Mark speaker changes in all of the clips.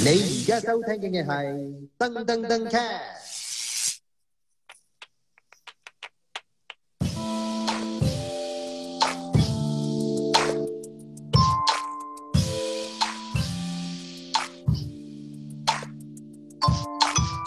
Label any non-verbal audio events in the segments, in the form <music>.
Speaker 1: 你而家收聽嘅嘢係噔噔噔 cast。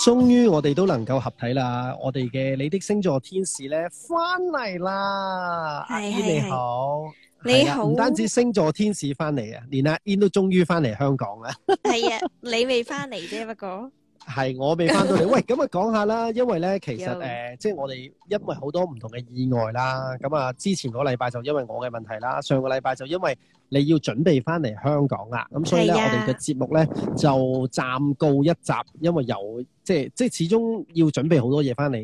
Speaker 2: 終於我哋都能夠合體啦！我哋嘅你的星座天使咧翻嚟啦，阿 In 你好。你好，唔單止星座天使翻嚟啊，連阿 In 都終於翻嚟香港啦。係啊，你未翻嚟啫，不過係我未翻到嚟。喂，咁啊講下啦，因為咧，其實誒，即係我哋因為好多唔同嘅意外啦。咁啊，之前個禮拜就因為我嘅問題啦，上個禮拜就因為你要準備翻嚟香港啦。咁所以咧，我哋嘅節目咧就暫告一集，因為有即係即係始終要準備好多嘢翻嚟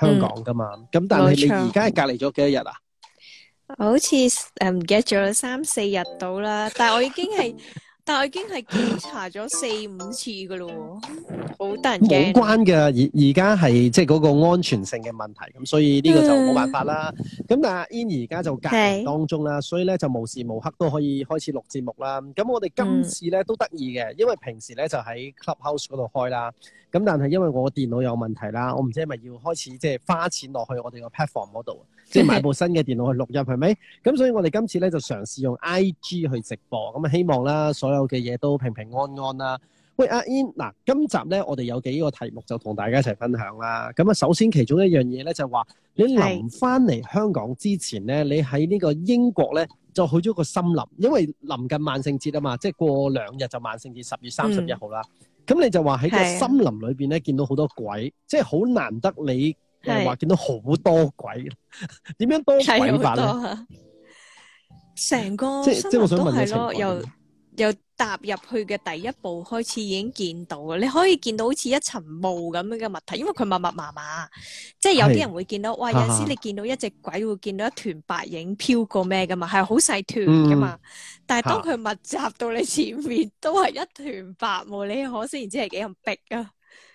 Speaker 2: 誒香港噶嘛。咁但係你而家隔離咗幾多日啊？
Speaker 3: 好似誒唔記得咗啦，三四日到啦，但係我已經係，但係我已經係檢查咗四五次噶啦，好得
Speaker 2: 人驚。冇關嘅，而而家係即係嗰個安全性嘅問題，咁所以呢個就冇辦法啦。咁但係 In 而家就隔離當中啦，所以咧就無時無刻都可以開始錄節目啦。咁我哋今次咧都得意嘅，因為平時咧就喺 Club House 嗰度開啦。咁但係因為我電腦有問題啦，我唔知係咪要開始即係花錢落去我哋個 platform 嗰度，即係買部新嘅電腦去錄音係咪？咁所以我哋今次咧就嘗試用 IG 去直播，咁啊希望啦所有嘅嘢都平平安安啦。喂阿 In 嗱今集咧我哋有幾個題目就同大家一齊分享啦。咁啊首先其中一樣嘢咧就話你臨翻嚟香港之前咧，okay. 你喺呢個英國咧就去咗個森林，因為臨近萬聖節啊嘛，即係過兩日就萬聖節十月三十一號啦。嗯咁你就話喺個森林裏邊咧、啊、見到好多鬼，即係好難得你話、啊呃、見到好多鬼，點樣多鬼法咧？
Speaker 3: 成、啊、個即係即係，我想問你情況。踏入去嘅第一步開始已經見到啊！你可以見到好似一層霧咁樣嘅物體，因為佢密密麻麻，是即係有啲人會見到，哇！有時你見到一隻鬼會見到一團白影飄過咩㗎嘛，係好細團㗎嘛，嗯。但係當佢密集到你前面都係一團白霧，你可想而知係幾咁逼啊！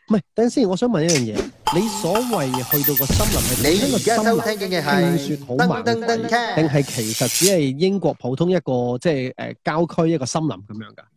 Speaker 2: 唔係，等陣先，我想問一樣嘢，你所謂去到個森林嘅，你呢聽森嘅係冰雪恐怖，定係其實只係英國普通一個即係誒、呃、郊區一個森林
Speaker 1: 咁樣噶？
Speaker 3: 誒、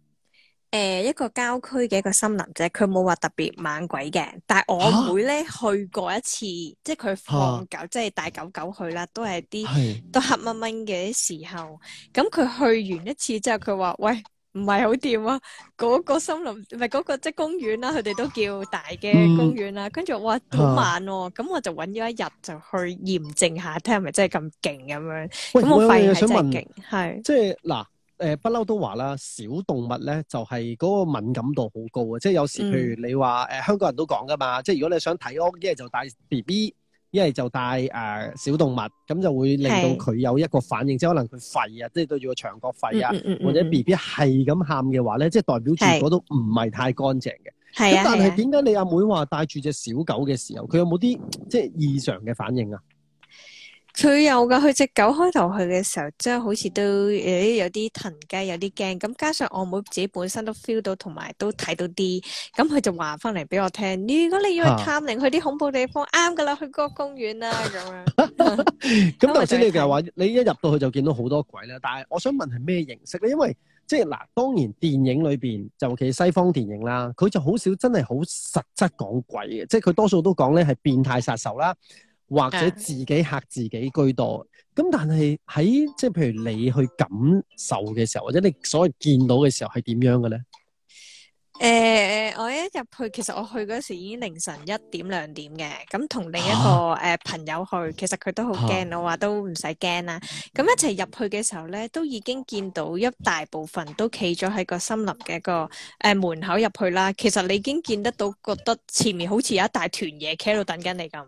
Speaker 3: 呃，一個郊區嘅一個森林啫，佢冇話特別猛鬼嘅。但係我妹咧去過一次，即係佢放狗，即係帶狗狗去啦，都係啲都黑蚊蚊嘅時候。咁佢去完一次之後，佢話喂。唔係好掂啊！嗰個森林唔係嗰個即公園啦，佢哋都叫大嘅公園啦。跟住哇，好慢喎！咁我就揾咗一日就去驗證下，睇係咪真係咁勁咁樣。咁我發現係真係勁。
Speaker 2: 係即嗱，誒不嬲都話啦，小動物咧就係嗰個敏感度好高啊！即有時譬如你話誒，香港人都講㗎嘛，即如果你想睇屋，一就帶 BB。一係就帶誒、呃、小動物，咁就會令到佢有一個反應，即係可能佢吠啊，即係對住個牆角吠啊，嗯嗯嗯或者 B B 係咁喊嘅話咧，即係代表住嗰度唔係太乾淨嘅。咁、啊、但係點解你阿妹話帶住隻小狗嘅時候，佢有冇啲即係異常嘅反應啊？佢有
Speaker 3: 噶，佢隻狗開頭去嘅時候，即係好似都誒有啲騰雞，有啲驚。咁加上我妹妹自己本身都 feel 到，同埋都睇到啲，咁佢就話翻嚟俾我聽：如果你要去探靈，去啲恐怖地方啱噶啦，去嗰個公園啦咁樣。
Speaker 2: 咁頭先你係話 <laughs> 你一入到去就見到好多鬼啦， <laughs> 但係我想問係咩形式咧？因為即係嗱，當然電影裏邊，尤其西方電影啦，佢就好少真係好實質講鬼嘅，即係佢多數都講咧係變態殺手啦。或者自己吓自己居多咁，嗯、但係喺即係，譬如你去感受嘅時候，或者你所謂見到嘅時候係點樣嘅咧？
Speaker 3: 誒、呃，我一入去，其實我去嗰時已經凌晨一點兩點嘅。咁同另一個誒、啊呃、朋友去，其實佢都好驚、啊。我話都唔使驚啦。咁一齊入去嘅時候咧，都已經見到一大部分都企咗喺個森林嘅一個誒、呃、門口入去啦。其實你已經見得到，覺得前面好似有一大團嘢企喺度等緊你咁。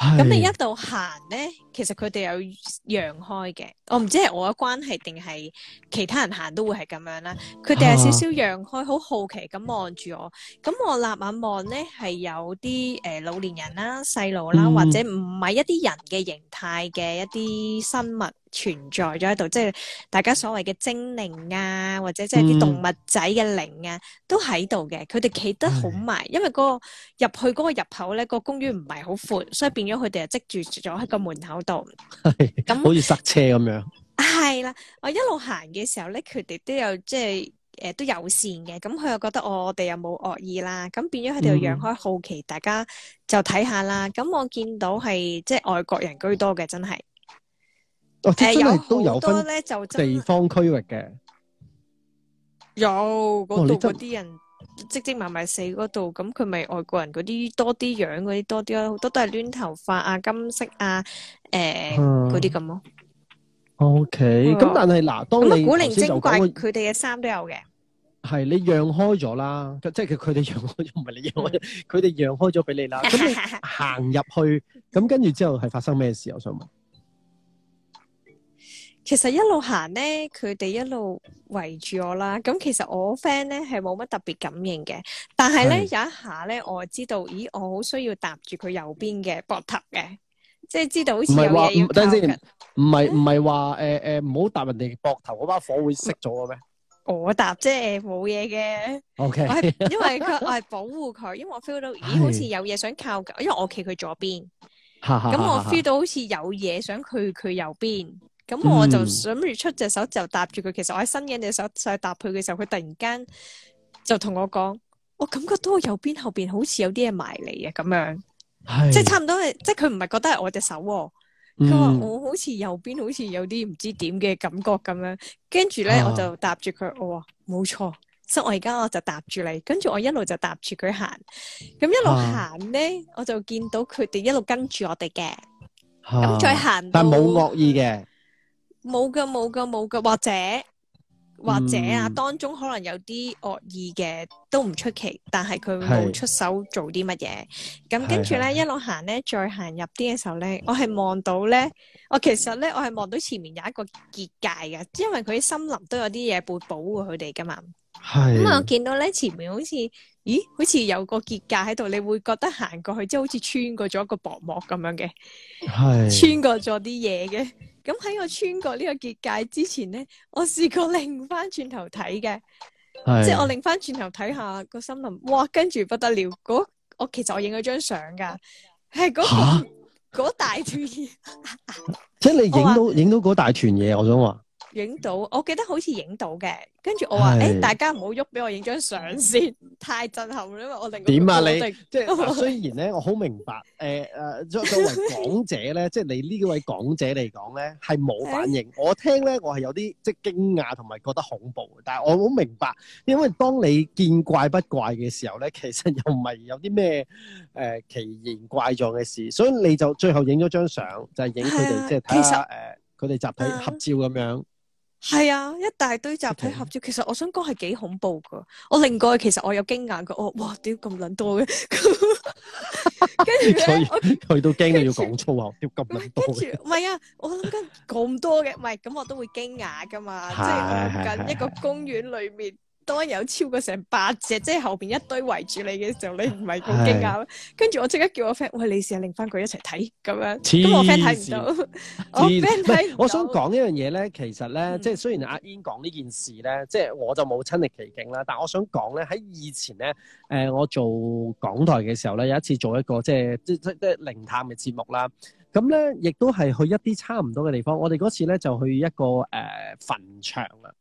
Speaker 3: 咁你一度行咧，其實佢哋有讓開嘅，我唔知係我嘅關係定係其他人行都會係咁樣啦。佢哋有少少讓開，好、啊、好奇咁望住我。咁我立眼望咧，係有啲、呃、老年人啦、啊、細路啦，嗯、或者唔係一啲人嘅形態嘅一啲生物存在咗喺度，即係大家所謂嘅精靈啊，或者即係啲動物仔嘅靈啊，嗯、都喺度嘅。佢哋企得好埋，嗯、因為、嗰個入去嗰個入口咧，個公園唔係好闊，所以變咗佢哋又積住咗喺個門口度，
Speaker 1: 咁
Speaker 2: <laughs> 那 <laughs> 好似塞車咁樣。
Speaker 3: 係啦，我一路行嘅時候咧，佢哋都有即係誒都友善嘅。咁佢又覺得、哦、我哋又冇惡意啦。咁變咗佢哋又讓開好奇，嗯、大家就睇下啦。咁我見到係即係外國人居多嘅，真係
Speaker 2: 誒、哦、有好多咧，就地方區域嘅
Speaker 3: 有嗰度啲人。積積埋埋死嗰度，咁佢咪外國人嗰啲多啲樣嗰啲多啲咯，好多都係攣頭髮啊、金色啊、誒嗰啲
Speaker 2: 咁咯。OK，咁但係嗱，當你古靈精怪，
Speaker 3: 佢哋嘅衫都有
Speaker 2: 嘅。係你讓開咗啦，即係佢佢哋讓開咗，唔係你讓開，佢哋讓開咗俾你啦。咁你行入去，咁跟住之後係發生咩事？我想問。
Speaker 3: 其實一路行咧，佢哋一路圍住我啦。咁其實我 friend 咧係冇乜特別感應嘅，但係咧有一下咧，我知道，咦，我好需要搭住佢右邊嘅膊頭嘅，即係知道好似有嘢要。等陣
Speaker 2: 先，唔係唔係話誒誒，唔好搭人哋膊頭嗰把火會熄咗嘅咩？
Speaker 3: 我搭啫，冇嘢嘅。OK， <laughs> 因為佢我係保護佢，因為我 feel 到咦，好似有嘢想靠噶，因為我企佢左邊，
Speaker 1: 咁 <laughs> 我 feel 到
Speaker 3: 好似有嘢想去佢右邊。
Speaker 1: 咁我就想
Speaker 3: 出隻手就搭住佢、嗯，其實我喺伸緊隻手上去搭佢嘅時候，佢突然間就同我講，我感覺到、嗯、我右邊後邊好似有啲嘢埋嚟啊，咁樣。
Speaker 1: 即係差
Speaker 3: 唔多，即係佢唔係覺得係我隻手，佢話我好似右邊好似有啲唔知點嘅感覺咁樣，跟住咧我就搭住佢，我話冇錯，所以我而家我就搭住你，跟住我一路就搭住佢行，咁一路行咧、啊，我就見到佢哋一路跟住我哋嘅，
Speaker 1: 咁、啊、再行，但冇惡
Speaker 2: 意嘅。
Speaker 3: 冇噶冇噶冇噶，或者
Speaker 2: 或者啊、嗯，當
Speaker 3: 中可能有啲惡意嘅都唔出奇，但係佢冇出手做啲乜嘢。咁跟住咧，一路行咧，再行入啲嘅時候咧，我係望到咧，我其實咧，我係望到前面有一個結界嘅，因為佢森林都有啲嘢會保護佢哋噶嘛。係
Speaker 1: 咁啊！我
Speaker 3: 見到咧，前面好似咦，好似有個結界喺度，你會覺得行過去即係好似穿過咗一個薄膜咁樣嘅，
Speaker 1: 係
Speaker 3: 穿過咗啲嘢嘅。咁喺我穿過呢個結界之前咧，我試過擰翻轉頭睇嘅，即係我擰翻轉頭睇下個森林，哇，跟住不得了，嗰我其實我影咗張相噶，係嗰、嗰個，大團，
Speaker 2: <laughs> 即係你影到影到嗰大團嘢，我想話。
Speaker 3: 影到，我記得好似影到嘅，跟住我話，誒，大家唔好喐，俾我影張相先，太震撼啦，因為我令到點啊你，即係雖
Speaker 2: 然咧，我好明白，誒誒，作作為講者咧，即係你呢位講者嚟講咧，係冇反應。我聽咧，我係有啲即係驚訝同埋覺得恐怖。但係我好明白，因為當你見怪不怪嘅時候咧，其實又唔係有啲咩誒奇形怪狀嘅事，所以你就最後影咗張相，就係影佢哋即係睇下誒，佢哋集體合照咁樣。
Speaker 3: 係啊，一大堆集體合照，okay。其實我想講係幾恐怖噶。我另外其實我有驚訝噶，我哇屌咁捻多嘅 <laughs> 著呢， <laughs> 跟
Speaker 2: 住佢都去到驚要講粗口，屌咁捻多。跟住唔
Speaker 3: 係啊，我諗緊咁多嘅，唔係咁我都會驚訝噶嘛， <laughs> 即係喺一個公園裏面。 <laughs> 當有超過成八隻，即係後邊一堆圍住你嘅時候，你唔係咁驚嚇。跟住我即刻叫我 friend，喂，你試下拎翻佢一齊睇咁樣。咁我 friend 睇唔到，我 friend 睇唔。
Speaker 2: 我想講一樣嘢咧，其實咧，即係雖然阿 In 講呢件事咧、嗯，即係我就冇親歷其境啦。但係我想講咧，喺以前咧，誒、呃，我做港台嘅時候咧，有一次做一個即係即即即靈探嘅節目啦。咁咧，亦都係去一啲差唔多嘅地方。我哋嗰次咧就去一個誒、呃、墳場啦。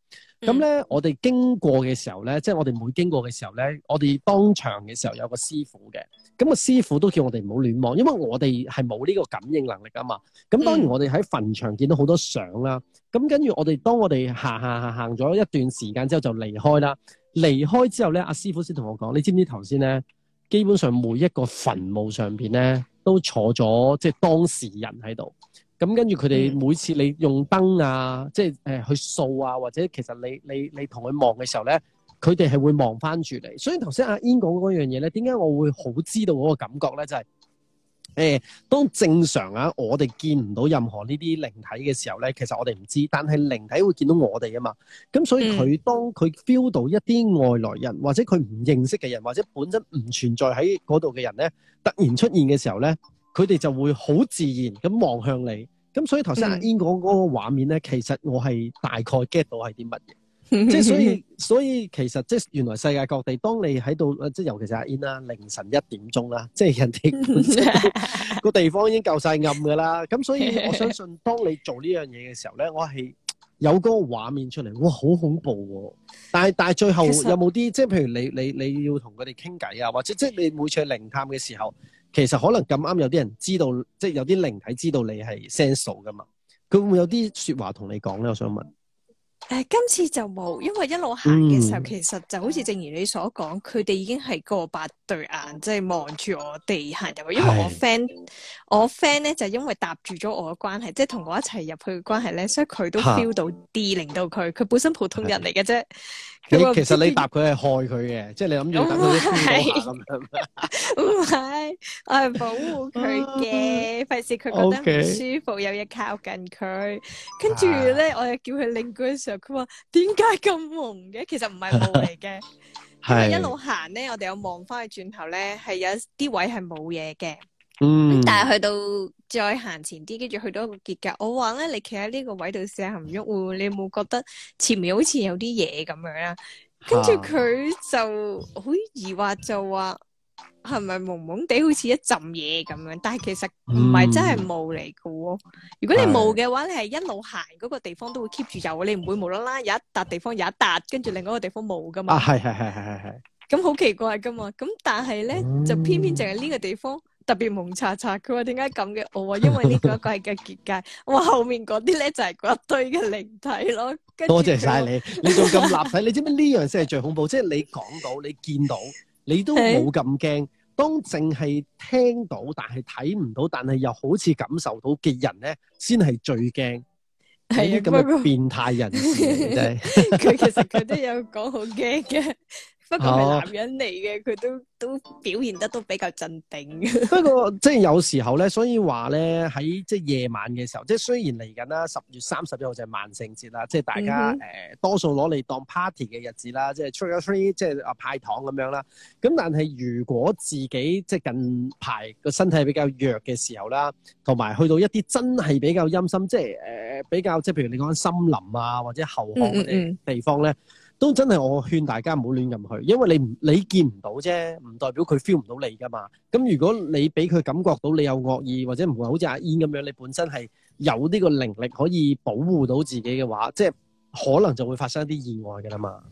Speaker 2: 咁，嗯，咧，我哋經過嘅時候咧，即係我哋每經過嘅時候咧，我哋當場嘅時候有個師傅嘅。咁個師傅都叫我哋唔好亂望，因為我哋係冇呢個感應能力啊嘛。咁當然我哋喺墳場見到好多相啦。咁跟住我哋，當我哋行行行行咗一段時間之後，就離開啦。離開之後咧，阿師傅先同我講：你知唔知頭先咧，基本上每一個墳墓上面咧，都坐咗即係當事人喺度。咁跟住佢哋每次你用燈啊，即係誒去掃啊，或者其實你你你同佢望嘅時候咧，佢哋係會望翻住你。所以頭先阿 In 講嗰樣嘢咧，點解我會好知道嗰個感覺咧？就係誒，當正常啊，我哋見唔到任何呢啲靈體嘅時候咧，其實我哋唔知。但係靈體會見到我哋啊嘛。咁所以佢，嗯，當佢 feel 到一啲外來人，或者佢唔認識嘅人，或者本身唔存在喺嗰度嘅人咧，突然出現嘅時候咧。佢哋就會好自然咁望向你，咁所以頭先阿 In 講嗰個畫面咧、嗯，其實我係大概 get 到係啲乜嘢，
Speaker 1: <laughs> 即係所以
Speaker 2: 所以其實即係原來世界各地，當你喺度，即係尤其是阿 In 啦，凌晨一點鐘啦，即係人哋 <laughs> 個地方已經夠晒暗㗎啦，咁所以我相信當你做呢樣嘢嘅時候咧，我係有嗰個畫面出嚟，哇，好恐怖喎、啊！但係但係最後有冇啲即係譬如你你你要同佢哋傾偈啊，或者即係你每次去靈探嘅時候。其實可能咁啱有啲人知道，即係有啲靈體知道你係 sens 噶嘛，佢會唔會有啲說話同你講咧？我想問、
Speaker 3: 呃。誒，今次就冇，因為一路行嘅時候、嗯，其實就好似正如你所講，佢哋已經係個八對眼，即係望住我哋行入去。因為我 friend，我 friend 咧就因為搭住咗我嘅關係，即係同我一齊入去嘅關係咧，所以佢都 feel 到 D 令到佢，佢本身普通人嚟嘅啫。
Speaker 2: 其實你答佢係害佢嘅、嗯，即係你諗住等佢跌到下咁
Speaker 3: 樣。唔係，我係保護佢嘅，費事佢覺得唔舒服，okay、有嘢靠近佢。跟住咧，我又叫佢擰嗰陣時候，佢話：點解咁萌嘅？其實唔係霧嚟嘅。因為 <laughs> 一路行咧，我哋有望翻去轉頭咧，係有啲位係冇嘢嘅。
Speaker 1: 嗯，但係
Speaker 3: 去到。再行前啲，跟住去到個結界，我話咧：你企喺呢個位度試下行唔喐喎，你有冇覺得前面好似有啲嘢咁樣呀？跟住佢就好疑惑，就話係咪朦朦地好似一浸嘢咁樣？但係其實唔係真係霧嚟嘅喎。如果你霧嘅話，你係一路行嗰個地方都會 keep 住有，你唔會無啦啦有一笪地方有一笪，跟住另一個地方冇噶嘛。啊，係係係係係
Speaker 2: 係。
Speaker 3: 咁好奇怪嘅嘛，咁但係咧就偏偏淨係呢個地方。特別蒙查查，佢話，點解咁嘅？我話因為呢個一個係個結界，我 <laughs> 後面嗰啲咧就係嗰一堆嘅靈體咯。多謝晒你， <laughs> 你仲咁立
Speaker 2: 體，你知唔知呢樣先係最恐怖？即係你講到，你見到，你都冇咁驚。當淨係聽到，但係睇唔到，但係又好似感受到嘅人咧，先係最驚。係啊，咁嘅變態人士嚟。真係
Speaker 3: 佢其實佢都有講好驚嘅。不過係男人嚟嘅，佢、哦、都都表現得都比較鎮定。
Speaker 2: <laughs> 不過即係有時候咧，所以話咧喺即係夜晚嘅時候，即係雖然嚟緊啦，十月三十一號就係萬聖節啦，即係大家誒、嗯呃、多數攞嚟當 party 嘅日子啦，即係 trick or treat 即係啊派糖咁樣啦。咁但係如果自己即係近排個身體比較弱嘅時候啦，同埋去到一啲真係比較陰森，即係誒、呃、比較即係譬如你講森林啊或者後巷嗰啲地方咧。嗯嗯嗯都真係我勸大家唔好亂入去，因為你你見唔到啫，唔代表佢 feel 唔到你噶嘛。咁如果你俾佢感覺到你有惡意或者唔係，好似阿 In 咁樣，你本身係有呢個靈力可以保護到自己嘅話，即係可能就會發生一啲意外噶啦嘛。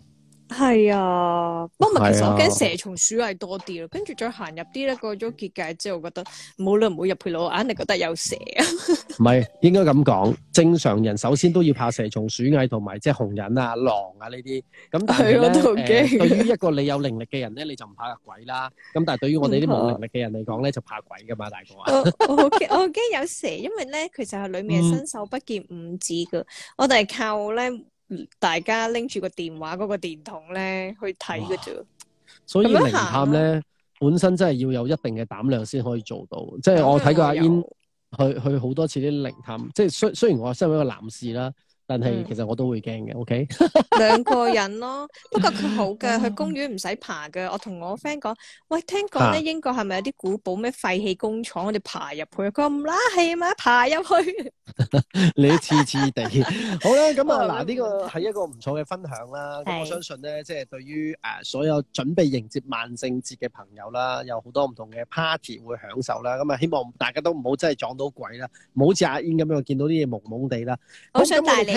Speaker 3: 係啊，不過其實我驚蛇蟲鼠蟻多啲咯，跟住、啊、再行入啲咧過咗結界之後，我覺得冇理由唔會入去咯，硬係覺得有蛇。
Speaker 2: 唔係，應該咁講， <laughs> 正常人首先都要怕蛇蟲鼠蟻同埋即係熊人啊、狼啊呢啲。咁誒、啊呃，對於一個你有靈力嘅人咧，你就唔怕鬼啦。咁但係對於我哋啲冇靈力嘅人嚟講咧，就怕鬼噶嘛，大哥。我
Speaker 3: 驚我驚 <laughs> 有蛇，因為咧其實係裏面伸手不見五指噶、嗯，我哋係靠咧。大家拎住個電話嗰個電筒咧去睇㗎啫，
Speaker 2: 所以靈探咧、啊、本身真係要有一定嘅膽量先可以做到。即係我睇過阿 In 去去好多次啲靈探，即係雖雖然我身為一個男士啦。但係其實我都會驚嘅，OK？
Speaker 3: 兩個人咯，不過佢好嘅，去公園唔使爬嘅。我同我 friend 講，喂，聽講咧英國係咪有啲古堡咩廢棄工廠，我哋爬入去，咁拉氣嘛爬入去。
Speaker 1: 你
Speaker 2: 黐黐地。好啦，咁啊，嗱呢個係一個唔錯嘅分享啦。咁我相信咧，即係對於誒所有準備迎接萬聖節嘅朋友啦，有好多唔同嘅 party 會享受啦。咁啊，希望大家都唔好真係撞到鬼啦，唔好似阿 In 咁樣見到啲嘢蒙蒙地啦。我想帶你。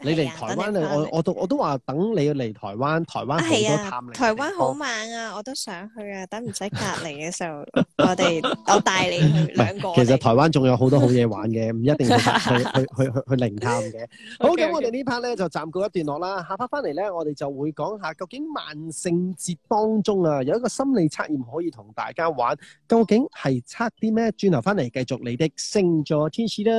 Speaker 2: 你嚟台灣啊！我我都我都話等你嚟台灣，台灣好多靈探嘅。台灣好
Speaker 3: 猛啊，我都想去啊，等唔使
Speaker 2: 隔離嘅時候，我哋我帶你去兩個。其實台灣仲有好多好嘢玩嘅，唔一定去去去去去靈探嘅。好，咁我哋呢 part 咧就暫告一段落啦。下 part 翻嚟咧，我哋就會講下究竟萬聖節當中啊有一個心理測驗可以同大家玩，究竟係測啲咩？轉頭翻嚟繼續你的星座天使
Speaker 1: 啦。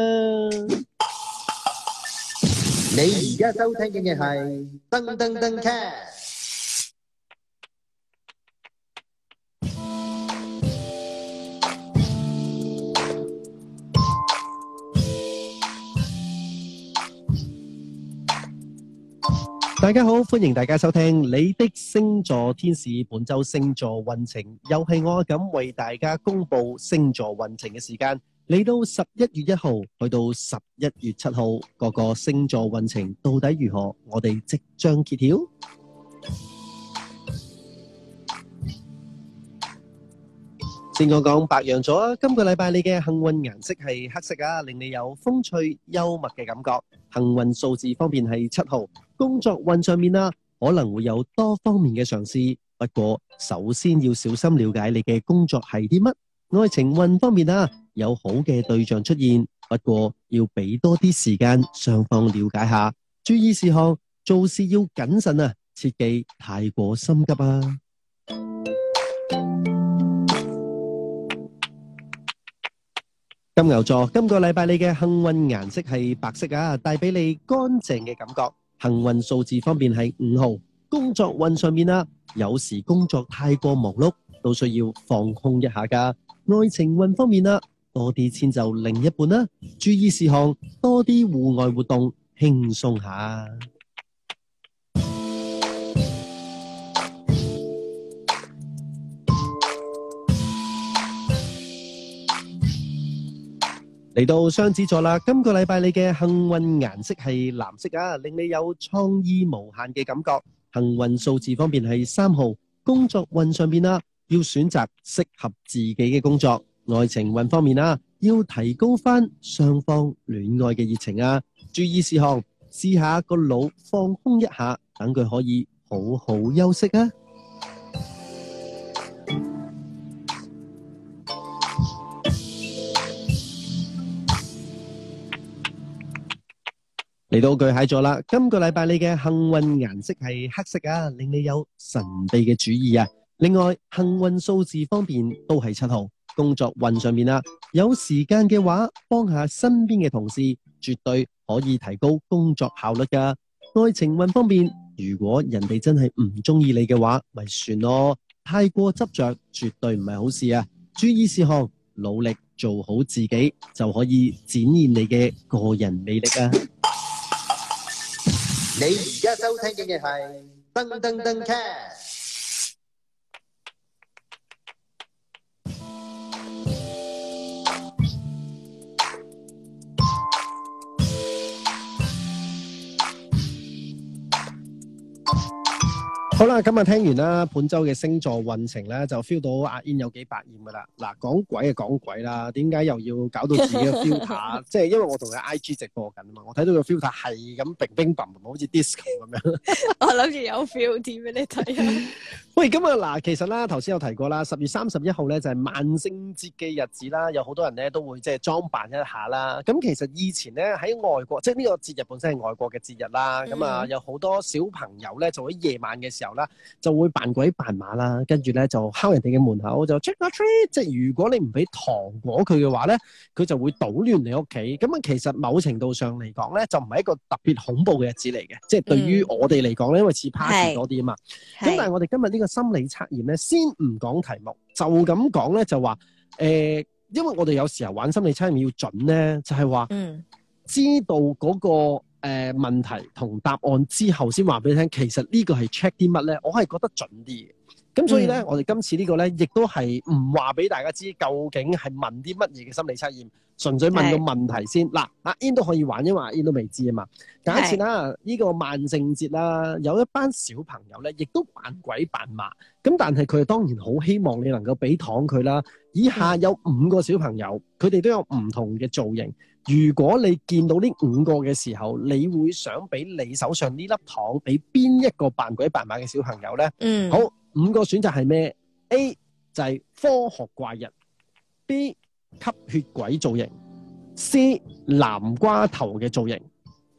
Speaker 1: 你而家收聽嘅係《噔噔噔
Speaker 2: cast》。大家好，歡迎大家收聽《你的星座天使》本周星座運程，又係我咁為大家公布星座運程嘅時間。嚟到十一月一號去到十一月七號，各個星座運程到底如何？我哋即將揭曉。先我講白羊座啊，今個禮拜你嘅幸運顏色係黑色啊，令你有風趣幽默嘅感覺。幸運數字方面係七號，工作運上面啦，可能會有多方面嘅嘗試，不過首先要小心了解你嘅工作係啲乜。愛情運方面啊，有好嘅對象出現，不過要俾多啲時間雙方了解下。注意事項，做事要謹慎啊，切忌太過心急啊。金牛座今個禮拜你嘅幸運顏色係白色啊，帶俾你乾淨嘅感覺。幸運數字方面係五號。工作運上面啦，有時工作太過忙碌，都需要放空一下㗎。愛情運方面啦。多啲遷就另一半啦、啊，注意事項，多啲戶外活動，輕鬆下。嚟到雙子座啦，今個禮拜你嘅幸運顏色係藍色啊，令你有創意無限嘅感覺。幸運數字方面係三號，工作運上面啦、啊，要選擇適合自己嘅工作。愛情運方面啊，要提高翻雙方戀愛嘅熱情啊！注意事項，試下個腦放空一下，等佢可以好好休息啊！嚟 <music> 到巨蟹座啦，今個禮拜你嘅幸運顏色係黑色啊，令你有神秘嘅主意啊！另外，幸運數字方面都係七號。工作運上面啊，有時間嘅話幫下身邊嘅同事，絕對可以提高工作效率噶。愛情運方面，如果人哋真係唔中意你嘅話，咪算咯。太過執着絕對唔係好事啊！注意事項，努力做好自己就可以展現你嘅個人魅力啊！你而家
Speaker 1: 收聽嘅係登登登卡
Speaker 2: 好啦，今日聽完啦本周嘅星座運程咧，就 feel 到阿 In 有幾百厭噶啦。嗱，講鬼就講鬼啦，點解又要搞到自己嘅 filter？即 <laughs> 係因為我同佢 IG 直播緊啊嘛，我睇到個 filter 係咁 bling bling 好似 disco 咁樣。 <laughs> 我諗住有 feel 添俾你睇。 <laughs> 喂，咁啊嗱，其實啦，頭先有提過啦，十月三十一號咧就係、是、萬聖節嘅日子啦，有好多人咧都會即係裝扮一下啦。咁其實以前咧喺外國，即係呢個節日本身係外國嘅節日啦。咁、嗯、啊、嗯，有好多小朋友咧就喺夜晚嘅時候。啦，就會扮鬼扮馬啦，跟住咧就敲人哋嘅門口，就 trick or treat。即係如果你唔俾糖果佢嘅話咧，佢就會搗亂你屋企。咁啊，其實某程度上嚟講咧，就唔係一個特別恐怖嘅日子嚟嘅。即係對於我哋嚟講咧，因為似 party 多啲啊嘛。咁但係我哋今日呢個心理測驗咧，先唔講題目，就咁講咧就話，誒、呃，因為我哋有時候玩心理測驗要準咧，就係、是、話，嗯，知道嗰、那個。誒、呃、問題同答案之後先話俾你聽，其實個是呢個係 check 啲乜咧？我係覺得準啲，咁所以咧、嗯，我哋今次這個呢個咧，亦都係唔話俾大家知究竟係問啲乜嘢嘅心理測驗，純粹問個問題先。嗱，阿 In 都可以玩，因為阿 In 都未知啊嘛。假設啦呢個萬聖節啦、啊，有一班小朋友咧，亦都扮鬼扮馬，咁但係佢哋當然好希望你能夠俾糖佢啦。以下有五個小朋友，佢、嗯、哋都有唔同嘅造型。如果你見到呢五個嘅時候，你會想俾你手上呢粒糖俾邊一個扮鬼扮馬嘅小朋友咧？嗯，好，五個選擇係咩？A 就係科學怪人，B 吸血鬼造型，C 南瓜頭嘅造型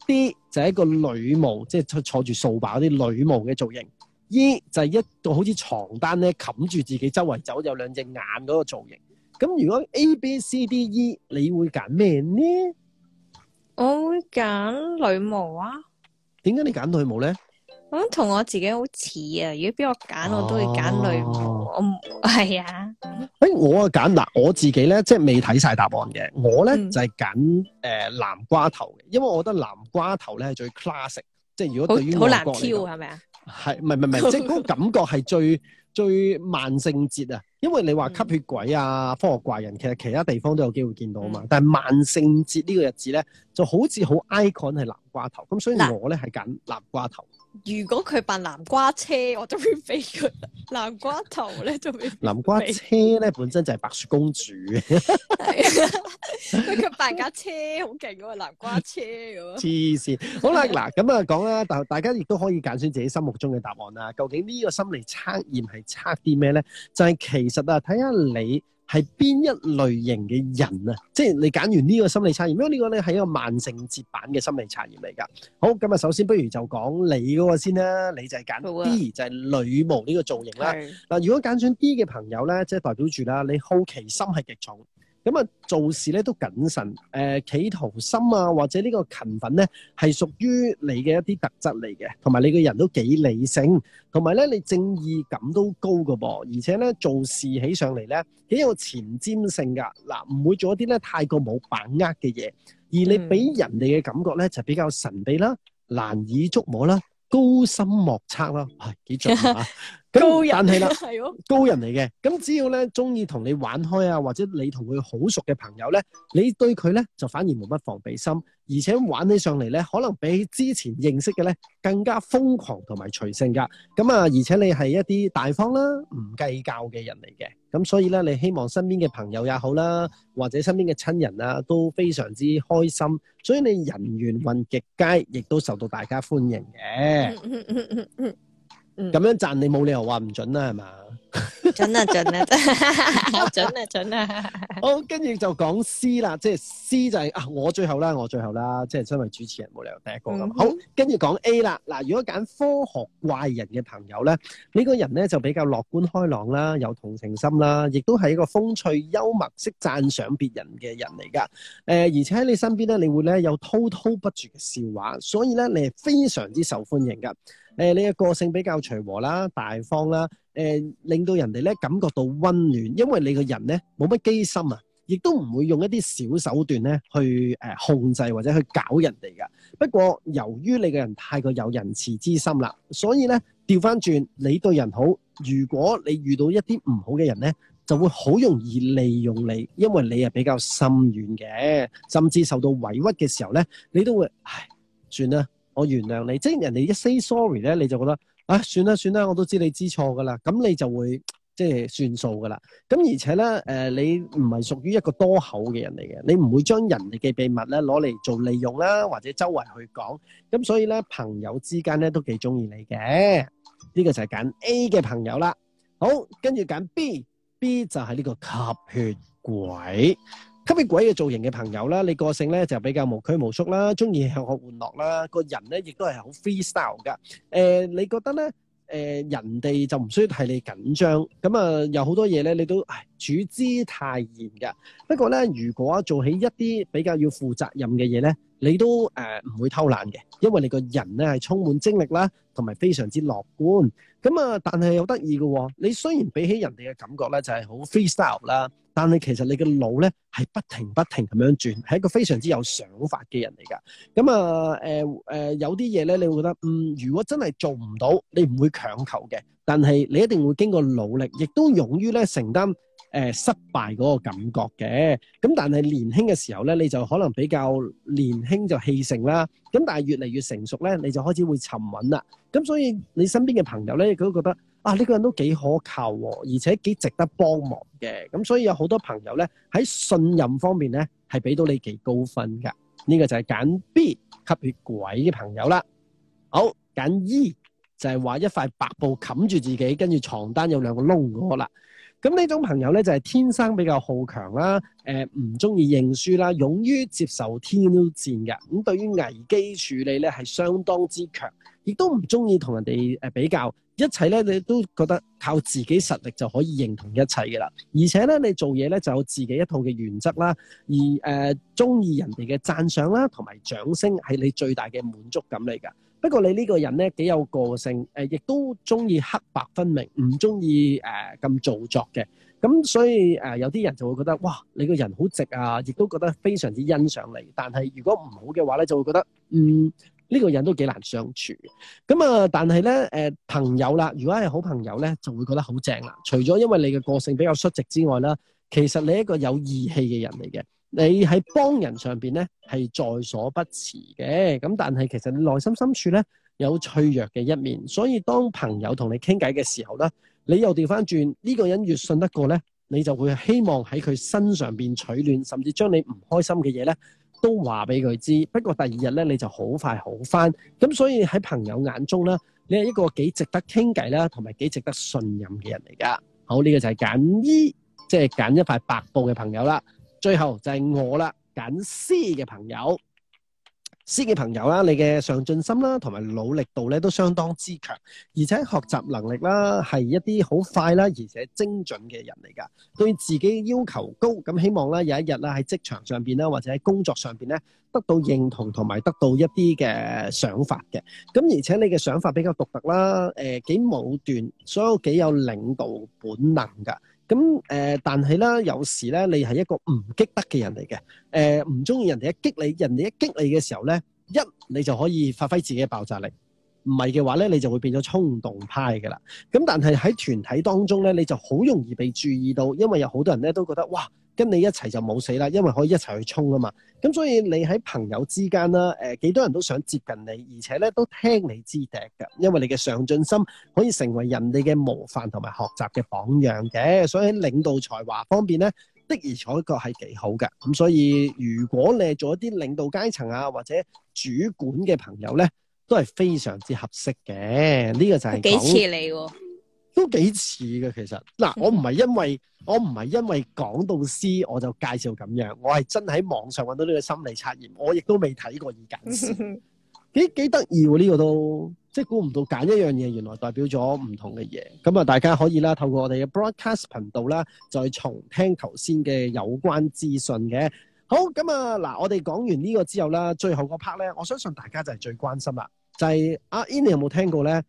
Speaker 2: ，D 就係一個女巫，即係坐坐住掃把嗰啲女巫嘅造型，E 就係一個好似床單咧冚住自己周圍走有兩隻眼嗰個造型。咁如果 A B C D E 你會揀咩咧？我會揀女巫啊。點解你揀女巫咧？
Speaker 3: 咁同我自己好似啊！如果俾我揀，我都會揀女巫。哦。我係啊。
Speaker 2: 誒、欸，我啊揀嗱，我自己咧即係未睇晒答案嘅。我咧、嗯、就係揀誒南瓜頭嘅，因為我覺得南瓜頭咧係最 classic。即係如果對於外國嚟講，係咪啊？係，唔係唔係，即係、就是、個感覺係最。 <laughs> 最萬聖節啊，因為你話吸血鬼啊、科學怪人，其實其他地方都有機會見到啊嘛。嗯，但係萬聖節呢個日子咧，就好似好 icon 係南瓜頭，咁所以我咧係揀南瓜頭。如
Speaker 3: 果佢扮南瓜車，我就會俾佢南瓜頭，咧就會飛。
Speaker 2: 南瓜車咧本身就係白雪公主 <laughs>
Speaker 3: <laughs> 佢扮架車好勁啊，南瓜車咁。黐
Speaker 2: 線，好啦，嗱咁啊講啦，大大家亦都可以揀選自己心目中嘅答案啦。究竟呢個心理測驗係測啲咩咧？就係、是、其實啊，睇下你。係邊一類型嘅人啊？即係你揀完呢個心理測驗，因為呢個咧係一個萬聖節版嘅心理測驗嚟噶。好，咁啊，首先不如就講你嗰個先啦。你就係揀 D、啊、就係、是、女巫呢個造型啦。嗱，如果揀選 D 嘅朋友咧，即、就、係、是、代表住啦，你好奇心係極重。咁啊，做事咧都謹慎，誒、呃，企圖心啊，或者呢個勤奮咧，係屬於你嘅一啲特質嚟嘅，同埋你個人都幾理性，同埋咧你正義感都高嘅噃，而且咧做事起上嚟咧幾有前瞻性㗎，嗱、呃、唔會做一啲咧太過冇把握嘅嘢，而你俾人哋嘅感覺咧就比較神秘啦，難以捉摸啦，高深莫測啦，係幾準啊。 <laughs> 高人係啦，高人嚟嘅，咁 <laughs> 只要咧中意同你玩開啊，或者你同佢好熟嘅朋友咧，你對佢咧就反而冇乜防備心，而且玩起上嚟咧，可能比之前認識嘅咧更加瘋狂同埋隨性噶。咁啊，而且你係一啲大方啦、唔計較嘅人嚟嘅，咁所以咧，你希望身邊嘅朋友也好啦，或者身邊嘅親人啊，都非常之開心。所以你人緣運極佳，亦都受到大家歡迎嘅。 <laughs> 咁、嗯、樣讚，你冇理由話唔準啦，係嘛？準啊，准啊， <laughs> <laughs> 準啊，准啦好，跟、oh, 住就講 C 啦，即、就、係、是、C 就係、是、啊，我最後啦，我最後啦，即、就、係、是、身為主持人冇理由第一個咁、嗯。好，跟住講 A 啦，嗱，如果揀科學怪人嘅朋友咧，呢個人咧就比較樂觀開朗啦，有同情心啦，亦都係一個風趣幽默識讚賞別人人、識讚賞別人嘅人嚟噶。誒，而且喺你身邊咧，你會咧有滔滔不絕嘅笑話，所以咧你係非常之受歡迎噶。誒，你嘅個性比較隨和啦、大方啦，誒，令到人哋咧感覺到溫暖，因為你個人咧冇乜機心啊，亦都唔會用一啲小手段咧去誒控制或者去搞人哋噶。不過由於你個人太過有仁慈之心啦，所以咧調翻轉你對人好，如果你遇到一啲唔好嘅人咧，就會好容易利用你，因為你係比較心軟嘅，甚至受到委屈嘅時候咧，你都會唉，算啦。我原諒你，即係人哋一 say sorry 咧，你就覺得啊，算啦算啦，我都知你知錯噶啦，咁你就會即係算數噶啦。咁而且咧，誒、呃，你唔係屬於一個多口嘅人嚟嘅，你唔會將人哋嘅秘密咧攞嚟做利用啦，或者周圍去講。咁所以咧，朋友之間咧都幾中意你嘅。呢、呢個就係揀 A 嘅朋友啦。好，跟住揀 B，B 就係呢個吸血鬼。特別鬼嘅造型嘅朋友啦，你個性咧就比較無拘無束啦，中意向學玩樂啦，個人咧亦都係好 freestyle 噶。誒、呃，你覺得咧？誒、呃，人哋就唔需要替你緊張咁啊，有好多嘢咧，你都唉處之泰然嘅。不過咧，如果做起一啲比較要負責任嘅嘢咧，你都誒唔、呃、會偷懶嘅，因為你個人咧係充滿精力啦，同埋非常之樂觀。咁啊，但係又得意噶，你雖然比起人哋嘅感覺咧就係好 freestyle 啦。但係其實你嘅腦咧係不停不停咁樣轉，係一個非常之有想法嘅人嚟噶。咁啊，誒、呃、誒、呃，有啲嘢咧你會覺得，嗯，如果真係做唔到，你唔會強求嘅。但係你一定會經過努力，亦都勇於咧承擔誒、呃、失敗嗰個感覺嘅。咁但係年輕嘅時候咧，你就可能比較年輕就氣盛啦。咁但係越嚟越成熟咧，你就開始會沉穩啦。咁所以你身邊嘅朋友咧，佢都覺得。啊！呢個人都幾可靠喎，而且幾值得幫忙嘅，咁所以有好多朋友咧，喺信任方面咧，係俾到你幾高分嘅。呢個就係揀 B 吸血鬼嘅朋友啦。好，揀 E 就係話一塊白布冚住自己，跟住床單有兩個窿嗰個啦。咁呢種朋友咧就係天生比較好強啦，誒唔中意認輸啦，勇於接受挑戰嘅。咁對於危機處理咧，係相當之強，亦都唔中意同人哋誒比較。一切咧，你都覺得靠自己實力就可以認同一切嘅啦。而且咧，你做嘢咧就有自己一套嘅原則啦。而、呃、誒，中意人哋嘅讚賞啦，同埋掌聲係你最大嘅滿足感嚟㗎。不過你呢個人咧幾有個性，誒、呃、亦都中意黑白分明，唔中意誒咁做作嘅。咁所以誒、呃、有啲人就會覺得哇，你個人好直啊，亦都覺得非常之欣賞你。但係如果唔好嘅話咧，就會覺得嗯。呢、個人都幾難相處，咁啊，但係咧、呃，朋友啦，如果係好朋友咧，就會覺得好正啦。除咗因為你嘅個性比較率直之外啦，其實你一個有義氣嘅人嚟嘅，你喺幫人上邊咧係在所不辭嘅。咁但係其實你內心深處咧有脆弱嘅一面，所以當朋友同你傾偈嘅時候咧，你又調翻轉。呢個人越信得過咧，你就會希望喺佢身上邊取暖，甚至將你唔開心嘅嘢咧。都話俾佢知，不過第二日咧你就好快好翻，咁所以喺朋友眼中咧，你係一個幾值得傾偈啦，同埋幾值得信任嘅人嚟噶。好，呢個就係揀 E，即係揀一塊白布嘅朋友啦。最後就係我啦，揀 C 嘅朋友。星期朋友啦，你嘅上進心呢同埋努力度都相當之強，而且學習能力呢係一啲好快呢，而且精準嘅人嚟㗎，對自己要求高，希望呢有一日喺職場上面或者喺工作上面呢得到認同同埋得到一啲嘅想法嘅，而且你嘅想法比較獨特啦，幾武斷，所以幾有領導本能㗎。咁誒、呃、但係咧，有時咧，你係一個唔激得嘅人嚟嘅，誒，唔中意人哋一激你，人哋一激你嘅時候咧，一你就可以發揮自己嘅爆炸力。唔係嘅話咧，你就會變咗衝動派噶啦。咁但係喺團體當中咧，你就好容易被注意到，因為有好多人咧都覺得哇，跟你一齊就冇死啦，因為可以一齊去衝啊嘛。咁所以你喺朋友之間啦，誒、呃，幾多人都想接近你，而且咧都聽你支笛㗎，因為你嘅上進心可以成為人哋嘅模範同埋學習嘅榜樣嘅。所以喺領導才華方面咧，的而且確係幾好嘅。咁所以如果你係做一啲領導階層啊或者主管嘅朋友咧。都係非常之合適嘅，呢、這個就係幾似你喎、哦，都幾似嘅。其實嗱，我唔係因為，我唔係因為講到 C 我就介紹咁樣，我係真喺網上揾到呢個心理測驗，我亦都未睇過意見，幾幾得意喎呢個都，即係估唔到揀一樣嘢原來代表咗唔同嘅嘢，咁啊大家可以啦透過我哋嘅 broadcast 頻道啦再重聽頭先嘅有關資訊嘅，好咁啊嗱，我哋講完呢個之後啦，最後嗰 part 咧，我相信大家就係最關心啦。就係、是、阿 In 有冇聽過咧？誒、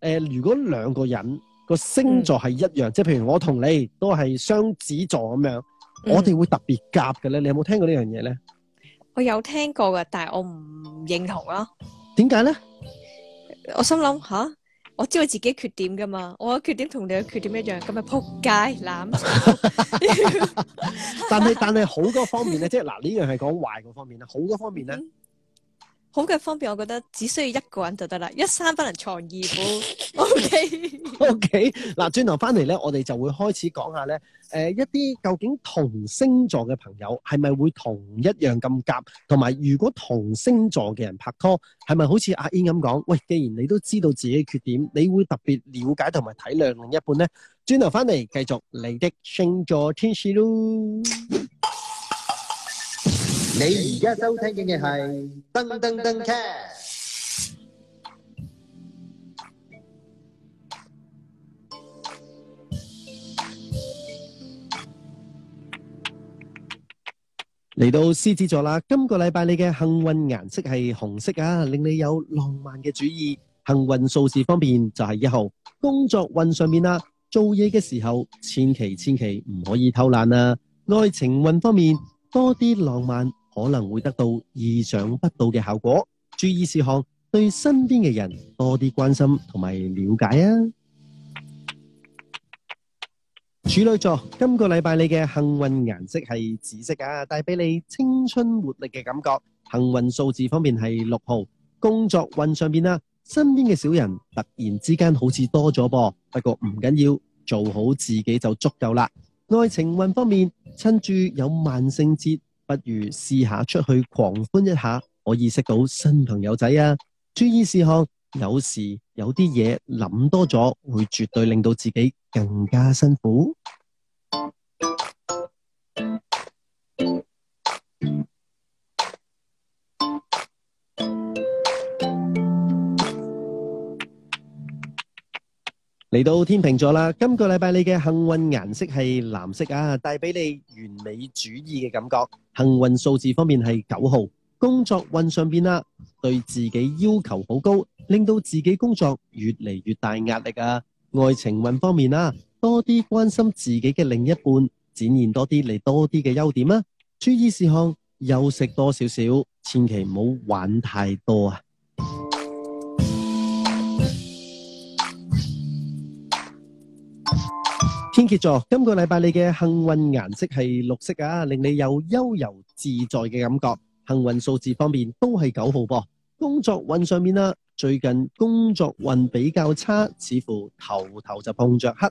Speaker 2: 呃，如果兩個人個星座係一樣，嗯、即係譬如我同你都係雙子座咁樣，嗯、我哋會特別夾嘅咧。你有冇聽過這呢樣嘢咧？
Speaker 3: 我有聽過噶，但係我唔認同啊。
Speaker 2: 點解咧？
Speaker 3: 我心諗嚇，我知道我自己缺點噶嘛，我嘅缺點同你嘅缺點一樣，咁咪仆街攬 <laughs>
Speaker 2: <laughs> 但係但係好多方面咧，即係嗱呢樣係講壞嗰方面啦，好多方面咧。嗯
Speaker 3: 好嘅方便，我覺得只需要一個人就得啦，一山不能藏二虎。
Speaker 2: O K O K 嗱，轉頭翻嚟咧，我哋就會開始講下咧，誒一啲究竟同星座嘅朋友係咪會同一樣咁夾？同埋如果同星座嘅人拍拖，係咪好似阿 In 咁講？喂，既然你都知道自己嘅缺點，你會特別了解同埋體諒另一半咧？轉頭翻嚟，繼續你的星座天使咯。
Speaker 1: 你而家收聽嘅係
Speaker 2: 噔噔噔 Cast。嚟到獅子座啦。今個禮拜你嘅幸運顏色係紅色啊，令你有浪漫嘅主意。幸運數字方面就係一號。工作運上面啊，做嘢嘅時候千祈千祈唔可以偷懶啊。愛情運方面多啲浪漫，可能會得到意想不到嘅效果。注意事項，對身邊嘅人多啲關心同埋了解啊！ <noise> 處女座，今個禮拜你嘅幸運顏色係紫色啊，帶俾你青春活力嘅感覺。幸運數字方面係六號，工作運上邊啊，身邊嘅小人突然之間好似多咗噃，不過唔緊要，做好自己就足夠啦。愛情運方面，趁住有萬聖節，不如試下出去狂歡一下，可以識到新朋友仔啊！注意事項，有時有啲嘢諗多咗，會絕對令到自己更加辛苦。嚟到天秤座啦，今個禮拜你嘅幸運顏色係藍色啊，帶俾你完美主義嘅感覺。幸運數字方面係九號，工作運上邊啊，對自己要求好高，令到自己工作越嚟越大壓力啊。愛情運方面啊，多啲關心自己嘅另一半，展現多啲你多啲嘅優點啊。注意事項，休息多少少，千祈唔好玩太多啊。天蠍座，今個禮拜你嘅幸運顏色係綠色啊，令你有悠游自在嘅感覺。幸運數字方面都係九號噃。工作運上面啦，最近工作運比較差，似乎頭頭就碰着黑。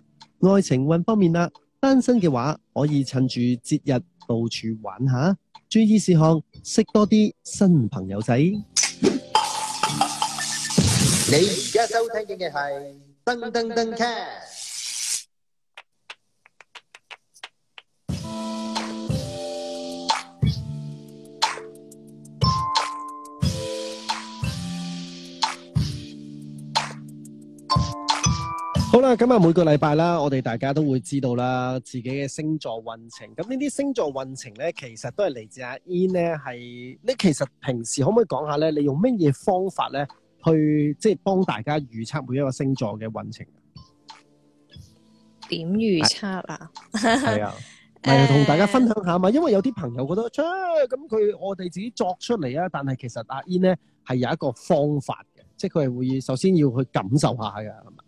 Speaker 2: 愛情運方面啦，單身嘅話可以趁住節日到處玩下，注意事項，識多啲新朋友仔。你而
Speaker 1: 家收聽緊嘅係噔噔噔 cast。燈燈燈卡
Speaker 2: 今、啊、日每個禮拜啦，我哋大家都會知道啦，自己嘅星座運程。咁呢啲星座運程呢，其實都係嚟自，阿 In 呢，係你其實平時可唔可以講下呢？你用乜嘢方法呢？去即係幫大家預測每一個星座嘅運程？
Speaker 3: 點預測啊？係 <laughs> 是啊，
Speaker 2: 嚟， <laughs> 同大家分享一下嘛。因為有啲朋友覺得，咁、哎、佢我哋自己作出嚟啊，但係其實阿 In 呢係有一個方法嘅，即係佢係會首先要去感受一下噶，是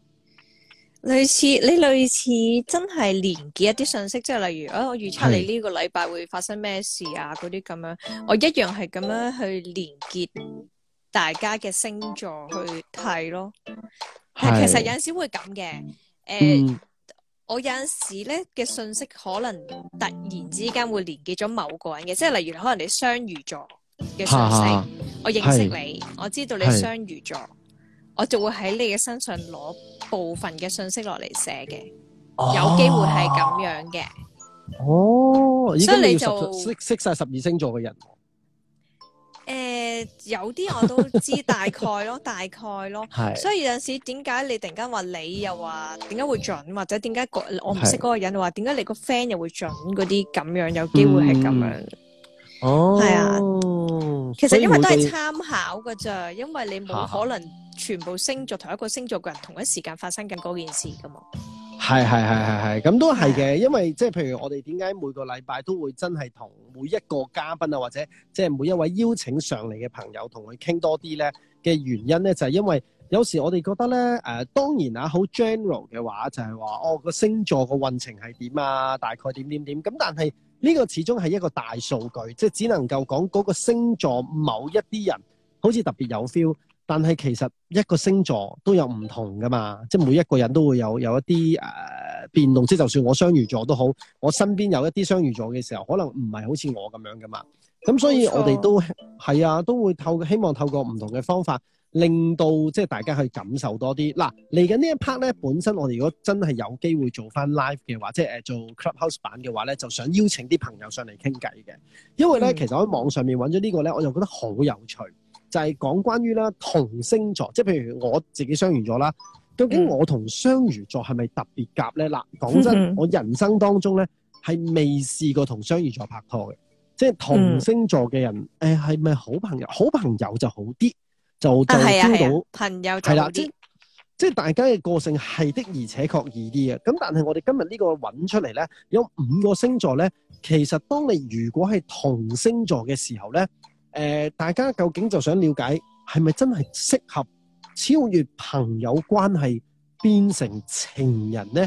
Speaker 3: 類似你類似真係連結一啲信息，即係例如，誒、哦，我預測你呢個禮拜會發生咩事啊？嗰啲咁樣，我一樣係咁樣去連結大家嘅星座去睇咯。
Speaker 1: 但係其實有陣
Speaker 3: 時會咁嘅，誒、呃嗯，我有陣時咧嘅信息，可能突然之間會連結咗某個人嘅，即係例如可能你雙魚座嘅信息哈哈，我認識你，我知道你雙魚座，我就會喺你嘅身上攞。部分嘅信息落嚟寫嘅，有機會係咁樣嘅。
Speaker 2: 哦，所以你就識識晒十二星座嘅人。
Speaker 3: 誒、呃，有啲我都知 <laughs> 大概咯，大概咯。係。所以有陣時點解你突然間話你又話點解會準，或者點解我唔識嗰個人話點解你個 friend 又會準嗰啲咁樣，有機會係咁樣。嗯啊、哦。係
Speaker 2: 啊。其實因為都係參
Speaker 3: 考噶咋，因為你冇可能。全部星座同一個星座嘅人同一時間發生緊嗰件事㗎嘛？
Speaker 2: 係係係係係咁都係嘅，因為即係譬如我哋點解每個禮拜都會真係同每一個嘉賓啊，或者即係每一位邀請上嚟嘅朋友同佢傾多啲咧嘅原因咧，就係因為有時我哋覺得咧，呃，當然啊，好 general 嘅話就係話哦個星座個運程係點啊，大概點點點咁，但係呢個始終係一個大數據，即係只能夠講嗰個星座某一啲人好似特別有 feel。但係其實一個星座都有唔同噶嘛，即係每一個人都會有有一啲誒、呃、變動。即就算我雙魚座都好，我身邊有一啲雙魚座嘅時候，可能唔係好似我咁樣噶嘛。咁所以我哋都係啊，都會透希望透過唔同嘅方法，令到即係大家去感受多啲。嗱，嚟緊呢一 part 咧，本身我哋如果真係有機會做翻 live 嘅話，即係誒做 clubhouse 版嘅話咧，就想邀請啲朋友上嚟傾偈嘅。因為咧、嗯，其實我喺網上面揾咗呢個咧，我就覺得好有趣。就係、是、講關於咧同星座，即係譬如我自己雙魚座啦，究竟我同雙魚座係咪特別夾咧？嗱、嗯，講真，我人生當中咧係未試過同雙魚座拍拖嘅，即係同星座嘅人，嗯、誒係咪好朋友？好朋友就好啲，就就交到、啊啊啊、
Speaker 3: 朋友就好，就係啦，
Speaker 2: 即即大家嘅個性係的而且確異啲嘅。咁但係我哋今日呢個揾出嚟咧，有五個星座咧，其實當你如果係同星座嘅時候咧。誒、呃，大家究竟就想了解係咪真係適合超越朋友關係變成情人呢？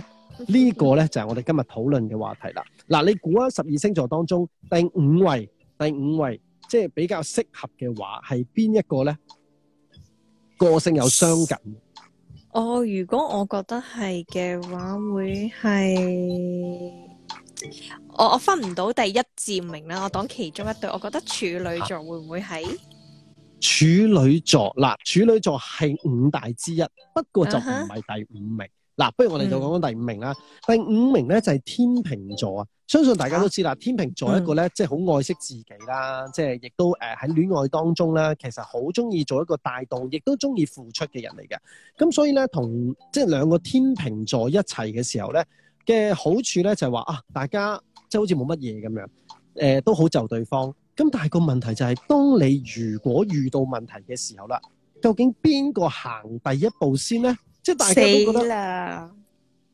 Speaker 2: 呢 <laughs> 個呢，就係、是、我哋今日討論嘅話題啦。嗱、啊，你估下十二星座當中第五位，第五位即係、就是、比較適合嘅話係邊一個呢？個性有相近。哦，
Speaker 3: 如果我覺得係嘅話，會係。我、哦、我分唔到第一至五名啦，我當其中一對，我覺得處女座會唔會喺
Speaker 2: 處女座嗱？處女座係五大之一，不過就唔係第五名。嗱、uh-huh.，不如我哋就講講第五名啦、嗯。第五名咧就係、是、天秤座啊，相信大家都知啦、啊。天秤座一個咧，即係好愛惜自己啦，即係亦都誒喺戀愛當中咧，其實好中意做一個帶動，亦都中意付出嘅人嚟嘅。咁所以咧，同即係兩個天秤座一齊嘅時候咧嘅好處咧就係、是、話啊，大家。即係好似冇乜嘢咁樣，誒都好就對方。咁但係個問題就係，當你如果遇到問題嘅時候啦，究竟邊個行第一步先咧？即係大家都覺得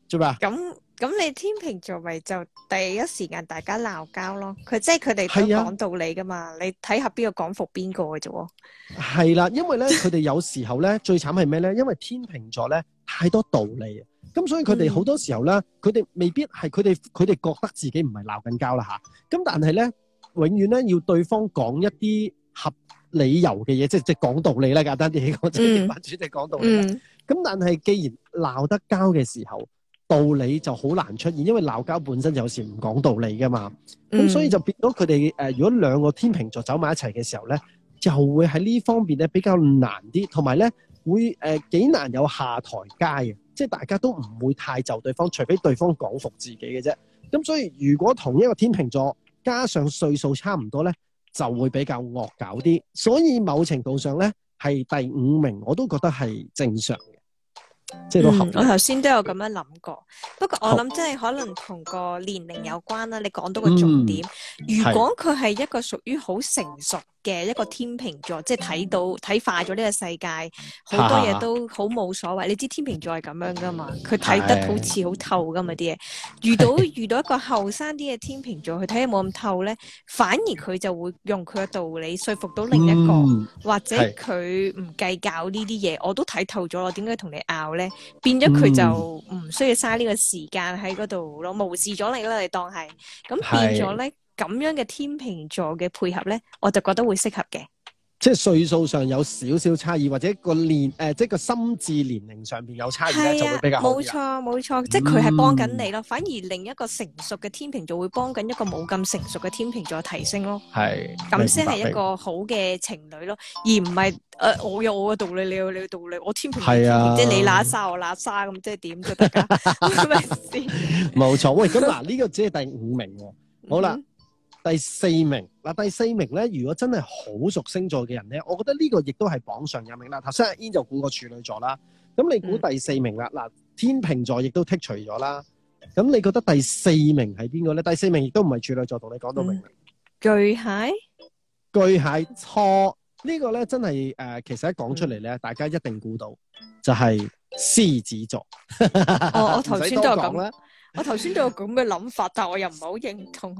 Speaker 2: 做咩啊？咁
Speaker 3: 咁你天秤座咪就第一時間大家鬧交咯？佢即係佢哋係啊講道理噶嘛？你睇下邊個講服邊個嘅
Speaker 2: 啫？係啦，因為咧佢哋有時候咧最慘係咩咧？因為天秤座咧太多道理。咁所以佢哋好多時候咧，佢、嗯、哋未必係佢哋佢哋覺得自己唔係鬧緊交啦，咁但係咧，永遠咧要對方講一啲合理由嘅嘢，即係即係講道理啦，簡單啲講，即係主你講道理。咁、嗯、但係既然鬧得交嘅時候，道理就好難出現，因為鬧交本身有時唔講道理噶嘛。咁、嗯、所以就變咗佢哋如果兩個天秤座走埋一齊嘅時候咧，就會喺呢方面咧比較難啲，同埋咧。會誒幾、呃、難有下台階嘅，即係大家都唔會太就對方，除非對方講服自己嘅啫。咁所以如果同一個天秤座加上歲數差唔多咧，就會比較惡搞啲。所以某程度上咧係第五名我，嗯，我都覺得係正常嘅，即係都合。我頭
Speaker 3: 先都有咁樣諗過，不過我諗即係可能同個年齡有關啦。你講到個重點，嗯、如果佢係一個屬於好成熟。嘅一個天秤座，即係睇到睇化咗呢個世界，
Speaker 1: 好多嘢都
Speaker 3: 好冇所謂。啊、你知天秤座係咁樣噶嘛？佢睇得好似好透咁嘅啲嘢，遇到 <laughs> 遇到一個後生啲嘅天秤座，佢睇嘢冇咁透咧，反而佢就會用佢嘅道理說服到另一個，嗯、或者佢唔計較呢啲嘢，我都睇透咗啦。點解同你拗咧？變咗佢就唔需要嘥呢個時間喺嗰度咯，無視咗你啦，你當係咁變咗咧。咁樣嘅天秤座嘅配合咧，我就覺得會適合嘅。
Speaker 2: 即係歲數上有少少差異，或者個年誒、呃，即係個心智年齡上邊有差異咧、
Speaker 3: 啊，就會比較好啲。冇錯，冇錯，嗯、即係佢係幫緊你咯。反而另一個成熟嘅天秤座會幫緊一個冇咁成熟嘅天秤座提升咯。
Speaker 1: 係。咁先係一個
Speaker 3: 好嘅情侶咯，而唔係誒我有我嘅道理，你有你嘅道理，我天秤座即係你喇沙我喇沙咁，即係點就得㗎？
Speaker 2: 冇、啊、 <laughs> <laughs> 錯。喂，咁嗱呢個只係第五名喎。好啦。嗯第四名嗱，第四名咧，如果真係好熟星座嘅人咧，我覺得呢個亦都係榜上有名啦。頭先阿 In 就估個處女座啦，咁你估第四名啦、嗱、嗯，天秤座亦都剔除咗啦，咁你覺得第四名係邊個咧？第四名亦都唔係處女座，同你講到明唔明、嗯？巨蟹，巨蟹，錯。這個、呢個咧，真係誒，其實一講出嚟咧、嗯，大家一定估到，就係、是、獅子座。 <laughs> 哦，我頭先都係啦。
Speaker 3: 我頭先都有咁嘅諗法，但係我又唔係好認
Speaker 2: 同。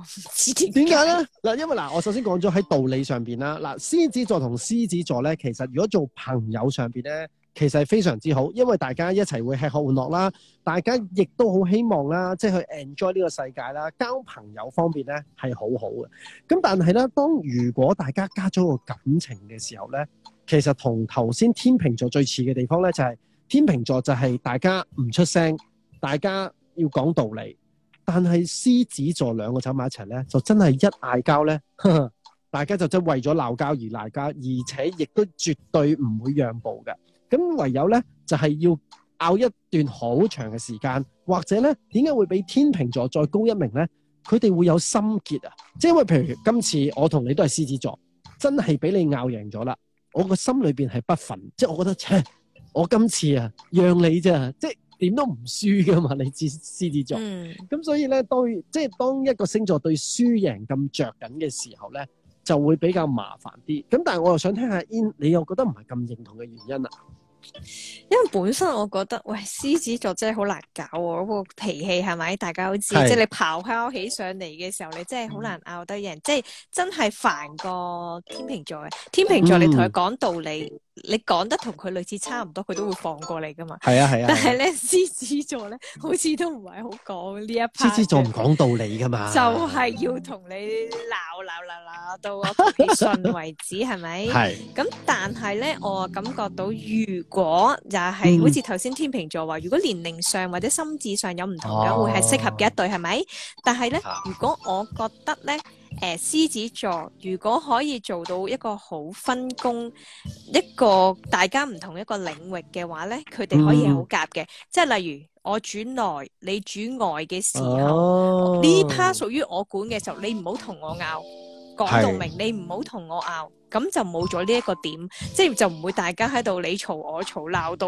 Speaker 2: 點解呢？嗱，因為嗱，我首先講咗喺道理上邊啦。嗱，獅子座同獅子座呢，其實如果做朋友上邊呢，其實係非常之好，因為大家一齊會吃喝玩樂啦，大家亦都好希望啦，即係去 enjoy 呢個世界啦。交朋友方面呢，係好好嘅。咁但係呢，當如果大家加咗個感情嘅時候呢，其實同頭先天秤座最似嘅地方呢就係天秤座就係大家唔出聲，大家。要講道理，但係獅子座兩個走埋一齊呢，就真係一嗌交呢呵呵。大家就真為咗鬧交而鬧交，而且亦都絕對唔會讓步嘅。咁唯有呢，就係、是、要拗一段好長嘅時間，或者呢點解會比天秤座再高一名呢？佢哋會有心結啊！即係因為譬如今次我同你都係獅子座，真係俾你拗贏咗啦，我個心裏邊係不忿，即係我覺得，我今次啊讓你啫，即點都唔輸噶嘛，你知，獅子座，咁、嗯、所以咧，當即係當一個星座對輸贏咁着緊嘅時候咧，就會比較麻煩啲。咁但係我又想聽下，in 你又覺得唔係咁認同嘅原因啊？
Speaker 3: 因為本身我覺得，喂，獅子座真係好難搞喎、啊，嗰、嗰個脾氣係咪？大家都知道，即係你咆哮起上嚟嘅時候，你真係好難拗得贏，嗯、即係真係煩過天秤座嘅。天秤座、嗯、你同佢講道理。嗯你講得同佢類似差唔多，佢都會放過你㗎嘛？係啊，係啊。但係咧、啊，獅子座咧，好似都唔係好講呢一 part 獅子座唔
Speaker 2: 講道理㗎嘛？就
Speaker 3: 係、是、要同你鬧鬧鬧鬧到我信為止係咪？係。 <laughs> 咁但係咧，我感覺到如果又係好似頭先天秤座話，如果年齡上或者心智上有唔同嘅、哦，會係適合嘅一對係咪？但係咧、啊，如果我覺得咧。誒、呃、獅子座如果可以做到一個好分工，一個大家唔同一個領域嘅話咧，佢哋可以好夾嘅。嗯、即係例如我主內，你主外嘅時候，呢、哦、part 屬於我管嘅時候，你唔好同我拗，
Speaker 1: 講到明，
Speaker 3: 你唔好同我拗。咁就冇咗呢一個點，即係就唔會大家喺度你嘈我嘈鬧到，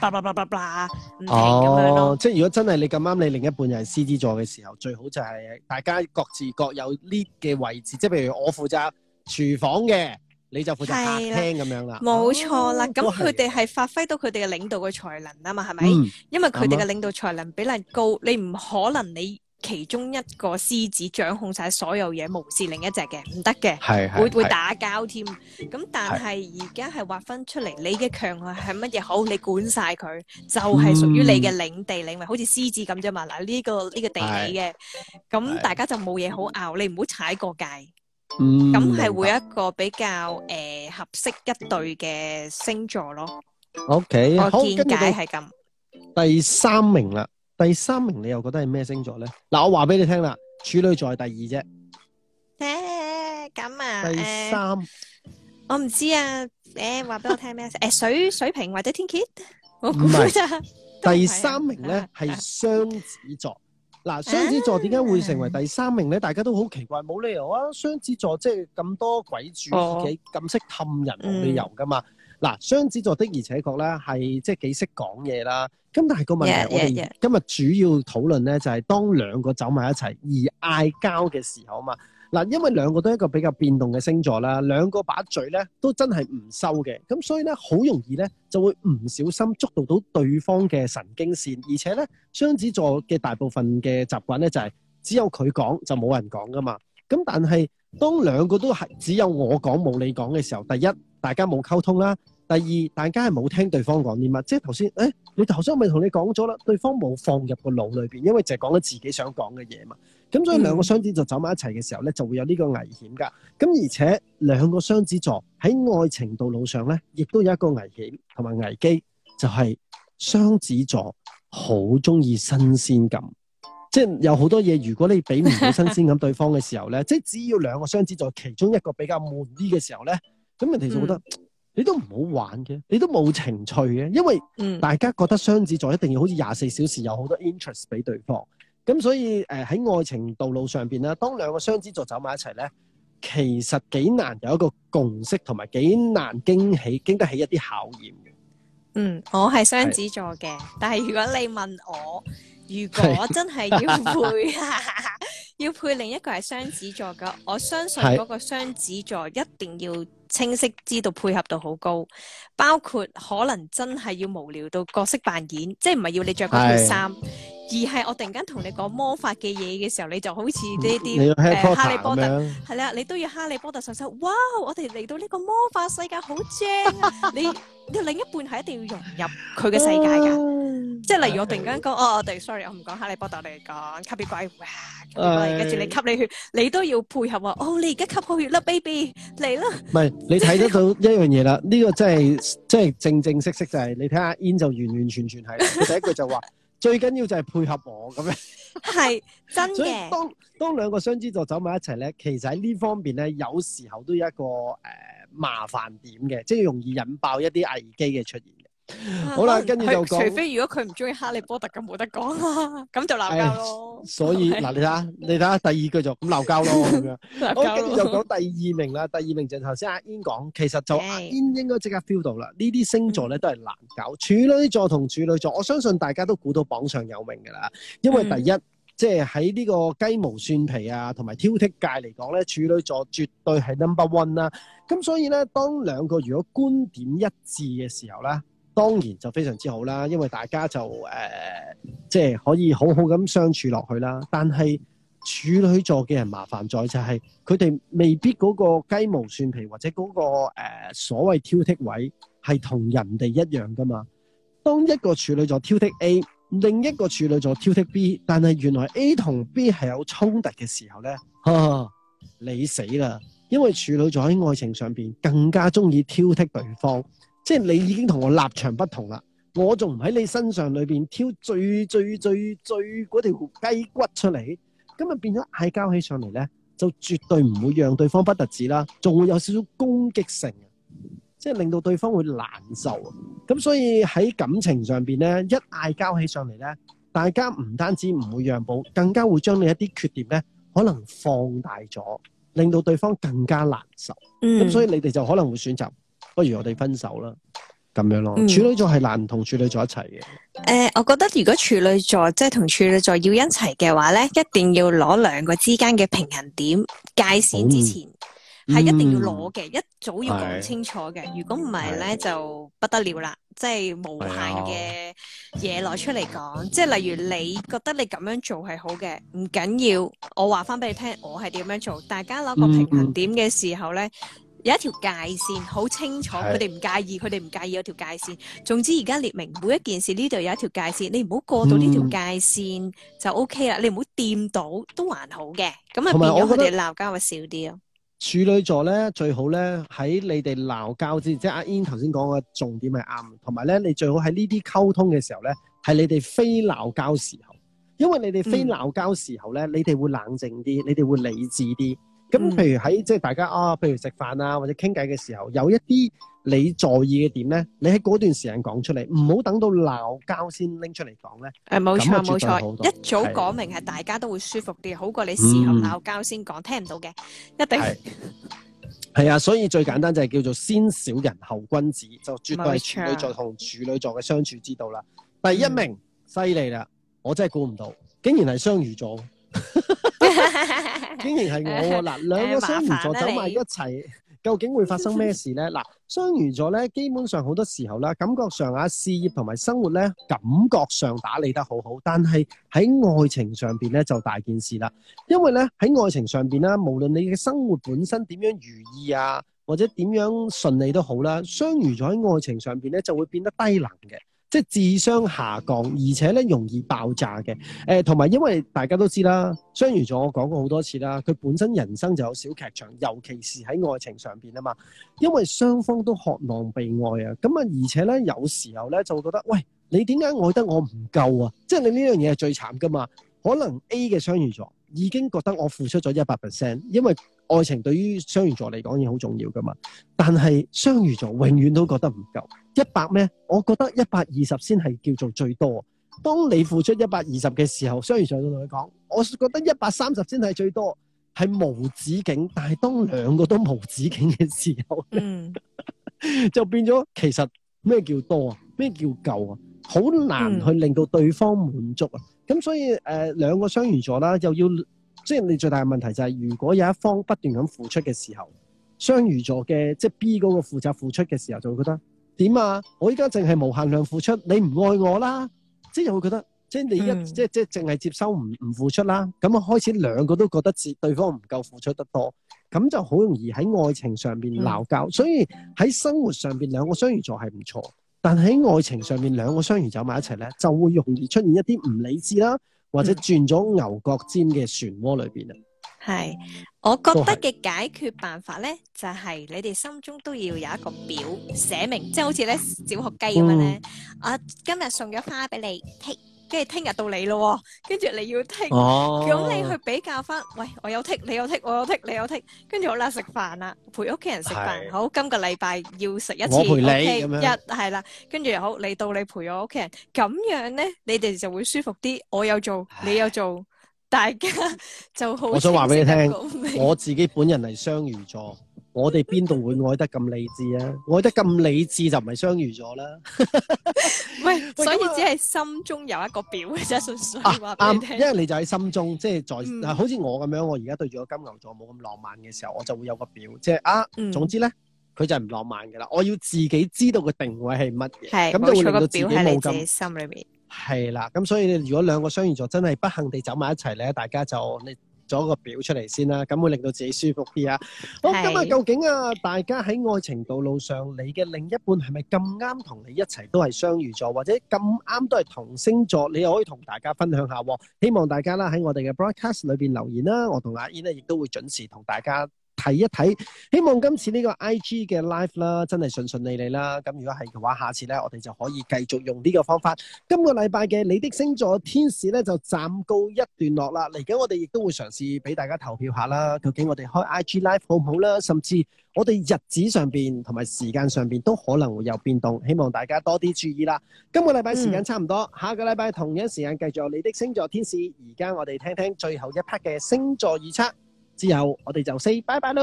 Speaker 3: 叭叭叭叭叭唔停
Speaker 2: 咁樣咯。哦，即係如果真係你咁啱，你另一半又係獅子座嘅時候，最好就係大家各自各有呢嘅位置，即係譬如我負責廚房嘅，你就負責餐廳咁樣啦。冇錯啦，咁佢
Speaker 3: 哋係發揮到佢哋嘅領導嘅才能啊嘛，係咪？因為佢哋嘅領導才能比人高，你唔可能你。其中一個獅子掌控晒所有嘢，無視另一隻嘅，唔得嘅，會會打交添。咁但係而家係劃分出嚟，你嘅強勢係乜嘢好？你管晒佢，就係屬於你嘅領地領域，好似獅子咁啫嘛。嗱呢個呢個地理嘅，咁大家就冇嘢好拗，你唔好踩過界。
Speaker 1: 咁係會一
Speaker 3: 個比較誒合適一對嘅星座咯。O
Speaker 1: K，好，跟住我見解係
Speaker 3: 咁，
Speaker 2: 第三名啦。第三名你又覺得係咩星座咧？嗱，我話俾你聽啦，處女座係第二啫。誒，咁啊，第三，我唔
Speaker 3: 知啊。誒，話俾我聽咩？誒，水水瓶或者天蠍，
Speaker 2: 唔係，第三名咧係雙子座。嗱，雙子座點解會成為第三名咧？大家都好奇怪，冇理由啊。雙子座即係咁多鬼主意，咁識氹人，有理由噶嘛。嗱，雙子座的而且確咧，係即係幾識講嘢啦。咁但係個問題，yeah, yeah, yeah. 我哋今日主要討論咧就係當兩個走埋一齊而嗌交嘅時候啊嘛。嗱，因為兩個都係一個比較變動嘅星座啦，兩個把嘴咧都真係唔收嘅，咁所以咧好容易咧就會唔小心觸到到對方嘅神經線，而且咧雙子座嘅大部分嘅習慣咧就係只有佢講就冇人講㗎嘛。咁但係當兩個都係只有我講冇你講嘅時候，第一大家冇溝通啦，第二大家係冇聽對方講啲乜，即係頭先，誒，你頭先咪同你講咗啦，對方冇放入個腦裏邊，因為就係講咗自己想講嘅嘢嘛。咁所以兩個雙子就走埋一齊嘅時候呢，就會有呢個危險噶。咁而且兩個雙子座喺愛情道路上呢，亦都有一個危險同埋危機，就係雙子座好中意新鮮感。即係有好多嘢，如果你俾唔到新鮮感對方嘅時候咧， <laughs> 即係只要兩個雙子座其中一個比較悶啲嘅時候咧，咁人哋就覺得你都唔好玩嘅，你都冇情趣嘅，因為大家覺得雙子座一定要好似廿四小時有好多 interest 俾對方，咁所以誒喺、呃、愛情道路上邊咧，當兩個雙子座走埋一齊咧，其實幾難有一個共識，同埋幾難驚起經得起一啲考驗嘅。嗯，我
Speaker 3: 係雙子座嘅，但係如果你問我。如果真係要配， <laughs> <laughs> 要配另一個係雙子座嘅，我相信嗰個雙子座一定要清晰知道配合度好高，包括可能真係要無聊到角色扮演，即係唔係要你着嗰套衫。而係我突然間同你講魔法嘅嘢嘅時候，你就好似呢啲哈利波特係啦，你都要哈利波特上身。哇！我哋嚟到呢個魔法世界好正啊！你你另一半係一定要融入佢嘅世界㗎。即係例如我突然間講哦，我哋 sorry，我唔講哈利波特，我哋講吸血鬼。
Speaker 1: 哇！跟住你
Speaker 3: 吸你血，你都要配合喎。哦，你而家吸好血啦，baby，嚟啦。
Speaker 2: 唔係你睇得到一樣嘢啦，呢個真係即係正正式式就係你睇下阿 In 就完完全全係佢第一句就話。最緊要就係配合我咁樣，係 <laughs> 真嘅。所以當當兩個雙子座走埋一齊咧，其實喺呢方面咧，有時候都有一個誒、呃、麻煩點嘅，即係容易引爆一啲危機嘅出現。嗯、好啦，跟住就講，除非
Speaker 3: 如果佢唔中意哈利波特咁，冇得講啦，咁就鬧交咯、欸。
Speaker 2: 所以嗱，你睇下，你睇下第二句就咁鬧交咯咁樣。好，跟 <laughs> 住就講第二名啦。第二名就頭先阿 In 講，其實就阿 In 應該即刻 feel 到啦。呢啲星座咧都係難搞、嗯，處女座同處女座，我相信大家都估到榜上有名㗎啦。因為第一，嗯、即係喺呢個雞毛蒜皮啊，同埋挑剔界嚟講咧，處女座絕對係 number one 啦、啊。咁所以咧，當兩個如果觀點一致嘅時候咧。當然就非常之好啦，因為大家就即係、呃即係、可以好好咁相處落去啦。但係處女座嘅人麻煩在就係佢哋未必嗰個雞毛蒜皮或者嗰、嗰個、呃、所謂挑剔位係同人哋一樣噶嘛。當一個處女座挑剔 A，另一個處女座挑剔 B，但係原來 A 同 B 係有衝突嘅時候呢、啊，你死啦！因為處女座喺愛情上面更加中意挑剔對方。即係你已經同我立場不同啦，我仲唔喺你身上裏面挑最最最最嗰條雞骨出嚟，咁啊變咗嗌交起上嚟呢，就絕對唔會讓對方不特止啦，仲會有少少攻擊性，即係令到對方會難受。咁所以喺感情上面呢，一嗌交起上嚟呢，大家唔單止唔會讓步，更加會將你一啲缺點呢，可能放大咗，令到對方更加難受。咁、嗯、所以你哋就可能會選擇。不如我哋分手啦，咁樣咯、嗯。處女座係難同處女座一齊嘅、呃。
Speaker 3: 我覺得如果處女座即係同處女座要一齊嘅話咧，一定要攞兩個之間嘅平衡點界線之前係、嗯、一定要攞嘅、嗯，一早要講清楚嘅。如果唔係咧，就不得了啦，即係無限嘅嘢攞出嚟講。即係例如你覺得你咁樣做係好嘅，唔緊要。我話翻俾你聽，我係點樣做。大家攞個平衡點嘅時候咧。嗯嗯有一條界線好清楚，佢哋唔介意，佢哋唔介意有條界線。總之而家列明每一件事呢度有一條界線，你唔好過到呢條界線就 OK 啦。你唔好掂到都還好嘅。咁啊，變咗佢哋鬧交咪少啲咯。
Speaker 2: 處女座咧，最好咧喺你哋鬧交之，即係阿 In 頭先講嘅重點係啱。同埋咧，你最好喺呢啲溝通嘅時候咧，係你哋非鬧交時候，因為你哋非鬧交時候咧，你哋會冷靜啲，你哋會理智啲。咁，譬如喺、嗯、即係大家啊，譬如食飯啊，或者傾偈嘅時候，有一啲你在意嘅點咧，你喺嗰段時間講出嚟，唔好等到鬧交先拎出嚟講咧。係冇錯冇錯，一早講明
Speaker 3: 係大家都會舒服啲，好過你事後鬧交先講，聽唔到嘅，一定
Speaker 2: 係啊。 <laughs> 所以最簡單就係叫做先小人後君子，就絕對係處女座同處女座嘅相處之道啦。第一名犀利啦，我真係估唔到，竟然係雙魚座。 <laughs> <laughs>
Speaker 1: 竟然係我喎！嗱，兩個雙魚座走埋一
Speaker 2: 齊，究竟會發生咩事呢？嗱，雙魚座呢，基本上好多時候啦，感覺上啊，事業同埋生活呢，感覺上打理得好好，但係喺愛情上邊呢，就大件事啦。因為呢，喺愛情上邊啦，無論你嘅生活本身點樣如意啊，或者點樣順利都好啦，雙魚座喺愛情上邊呢，就會變得低能嘅。即智商下降，而且咧容易爆炸嘅。誒、呃，同埋因為大家都知啦，雙魚座我講過好多次啦，佢本身人生就有小劇場，尤其是喺愛情上邊啊嘛。因為雙方都渴望被愛啊，咁啊，而且咧有時候咧就會覺得，喂，你點解愛得我唔夠啊？即係你呢樣嘢係最慘噶嘛。可能 A 嘅雙魚座已經覺得我付出咗一百 percent，因為。愛情對於雙魚座嚟講已經好重要噶嘛，但係雙魚座永遠都覺得唔夠一百咩？我覺得一百二十先係叫做最多。當你付出一百二十嘅時候，雙魚座就同你講，我覺得一百三十先係最多，係無止境。但係當兩個都無止境嘅時候咧，嗯、 <laughs> 就變咗其實咩叫多啊？咩叫夠啊？好難去令到對方滿足啊！咁、嗯、所以誒，兩、呃、個雙魚座啦，又要。所以你最大嘅問題就係、是，如果有一方不斷咁付出嘅時候，雙魚座嘅即係 B 嗰個負責付出嘅時候，就會覺得點啊？我依家淨係無限量付出，你唔愛我啦！即係會覺得，即係你一即即淨係接收唔唔付出啦。咁啊，開始兩個都覺得自對方唔夠付出得多，咁就好容易喺愛情上面鬧交。嗯、所以喺生活上邊兩個雙魚座係唔錯，但喺愛情上面，兩個雙魚走埋一齊呢，就會容易出現一啲唔理智啦。或者轉咗牛角尖嘅漩渦裏邊啦，
Speaker 3: 係，我覺得嘅解決辦法咧，就係、是、你哋心中都要有一個表，寫明，即係好似咧小學雞咁樣咧，嗯、我今日送咗花俾你。Take- 跟住聽日到你咯，跟住你要聽，咁你去比較翻。喂，我有聽，你有聽，我有聽，你有聽。跟住好啦，食飯啦，陪屋企人食飯。好，今個禮拜要食一次，我陪你咁樣。一係啦，跟住好，你到你陪我屋企人。咁樣咧，你哋就會舒服啲。我有做，你有做，大家就好。我想話俾你聽，我
Speaker 2: 自己本人係雙魚座。 <laughs> 我哋邊度會愛得咁理智啊？愛得咁理智就唔係雙魚座啦。
Speaker 3: 唔 <laughs> 係，所以只係心中有一個表嘅啫，純粹話俾你聽。因為你
Speaker 2: 就喺心中，即、就、係、是、在，嗯、好似我咁樣，我而家對住個金牛座冇咁浪漫嘅時候、嗯，我就會有一個表，即、就、係、是、啊、嗯，總之咧，佢就係唔浪漫噶啦。我要自己知道個定位係乜嘢，咁就會令到自己冇咁心裏面。係啦，咁所以如果兩個雙魚座真係不幸地走埋一齊咧，大家就你。咗個表出嚟先啦，咁會令到自己舒服啲啊！好，今日究竟啊，大家喺愛情道路上，你嘅另一半係咪咁啱同你一齊都係雙魚座，或者咁啱都係同星座？你又可以同大家分享下，希望大家啦喺我哋嘅 broadcast 裏邊留言啦，我同阿 In 呢，亦都會準時同大家。睇一睇，希望今次呢個 IG 嘅 live 啦，真係順順利利啦。咁如果係嘅話，下次呢，我哋就可以繼續用呢個方法。今個禮拜嘅你的星座天使呢，就暫告一段落啦。嚟緊我哋亦都會嘗試俾大家投票一下啦。究竟我哋開 IG live 好唔好啦？甚至我哋日子上邊同埋時間上邊都可能會有變動，希望大家多啲注意啦。今個禮拜時間差唔多，嗯，下個禮拜同樣時間繼續。你的星座天使，而家我哋聽聽最後一 part 嘅星座預測。之後我哋就 say 拜拜咯！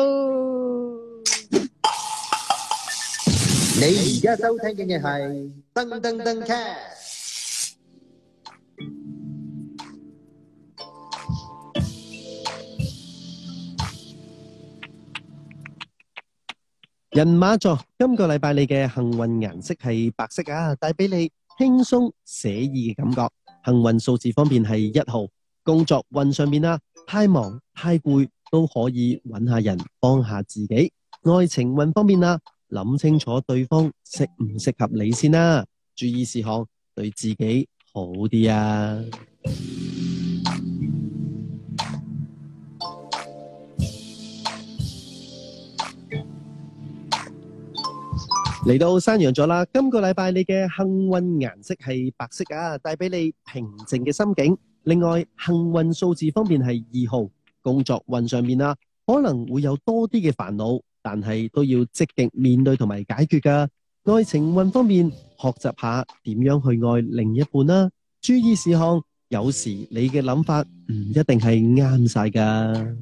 Speaker 1: 你而家收聽嘅係《噔噔噔 cast》。
Speaker 2: 人馬座，今個禮拜你嘅幸運顏色係白色啊，帶俾你輕鬆寫意嘅感覺。幸運數字方面係一號。工作運上面啦，太忙太攰。都可以搵下人幫下自己，愛情運方面啦、啊，諗清楚對方適唔適合你先啦、啊，注意事項對自己好啲啊！嚟到山羊座啦，今個禮拜你嘅幸運顏色係白色啊，帶俾你平靜嘅心境。另外，幸運數字方面係二號。工作運上面啦、啊，可能會有多啲嘅煩惱，但係都要積極面對同埋解決㗎。愛情運方面，學習下點樣去愛另一半啦。注意事項，有時你嘅諗法唔一定係啱晒㗎。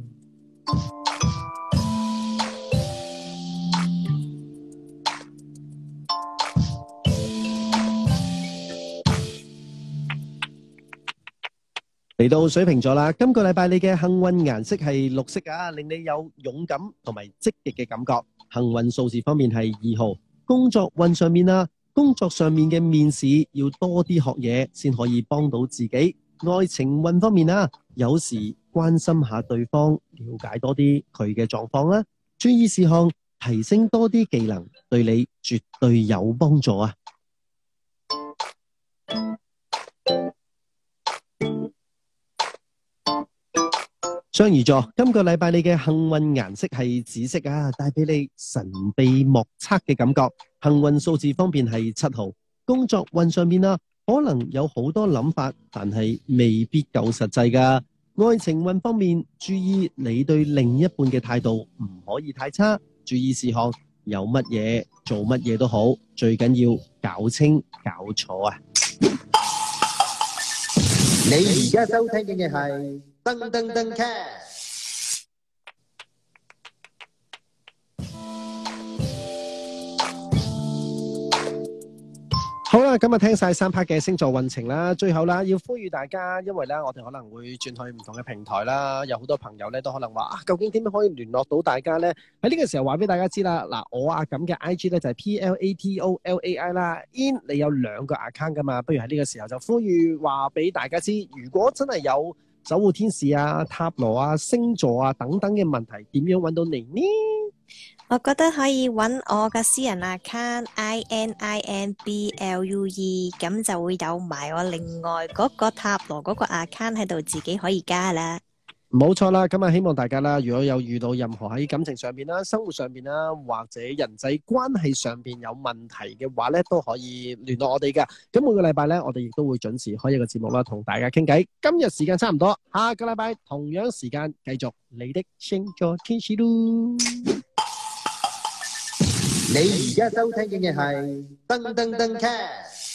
Speaker 2: 嚟到水瓶座啦，今個禮拜你嘅幸運顏色係綠色啊，令你有勇敢同埋積極嘅感覺。幸運數字方面係二號，工作運上面啊，工作上面嘅面試要多啲學嘢先可以幫到自己。愛情運方面啊，有時關心下對方，了解多啲佢嘅狀況啦。注意事項，提升多啲技能，對你絕對有幫助啊！雙魚座，今個禮拜你嘅幸運顏色係紫色啊，帶俾你神秘莫測嘅感覺。幸運數字方面係七號。工作運上面啊，可能有好多諗法，但係未必夠實際噶。愛情運方面，注意你對另一半嘅態度唔可以太差。注意事項，有乜嘢做乜嘢都好，最緊要搞清搞楚啊！你而
Speaker 1: 家收聽緊嘅係。噔
Speaker 2: 噔噔，開！好啦，今日聽晒三 part 嘅星座運程啦，最後啦，要呼籲大家，因為咧我哋可能會轉去唔同嘅平台啦，有好多朋友咧都可能話啊，究竟點樣可以聯絡到大家咧？喺呢個時候話俾大家知啦，嗱，我啊咁嘅 I G 咧就係 P L A T O L A 啦，In 你有兩個 account 噶嘛，不如喺呢個時候就呼籲話俾大家知，如果真係有。守護天使啊、塔羅啊、星座啊等等嘅問題，點樣揾到你呢？
Speaker 3: 我覺得可以揾我嘅私人 account i n i n b l u e，咁就會有埋我另外嗰個塔羅嗰個 account 喺度，自己可以加啦。
Speaker 2: 冇錯啦，咁啊希望大家啦，如果有遇到任何喺感情上面啦、生活上面啦，或者人際關係上邊有問題嘅話咧，都可以聯絡我哋嘅。咁每個禮拜咧，我哋亦都會準時開一個節目啦，同大家傾偈。今日時間差唔多，下個禮拜同樣時間繼續你的星座天使咯。你
Speaker 1: 而家收聽嘅嘢係噔噔噔 cast。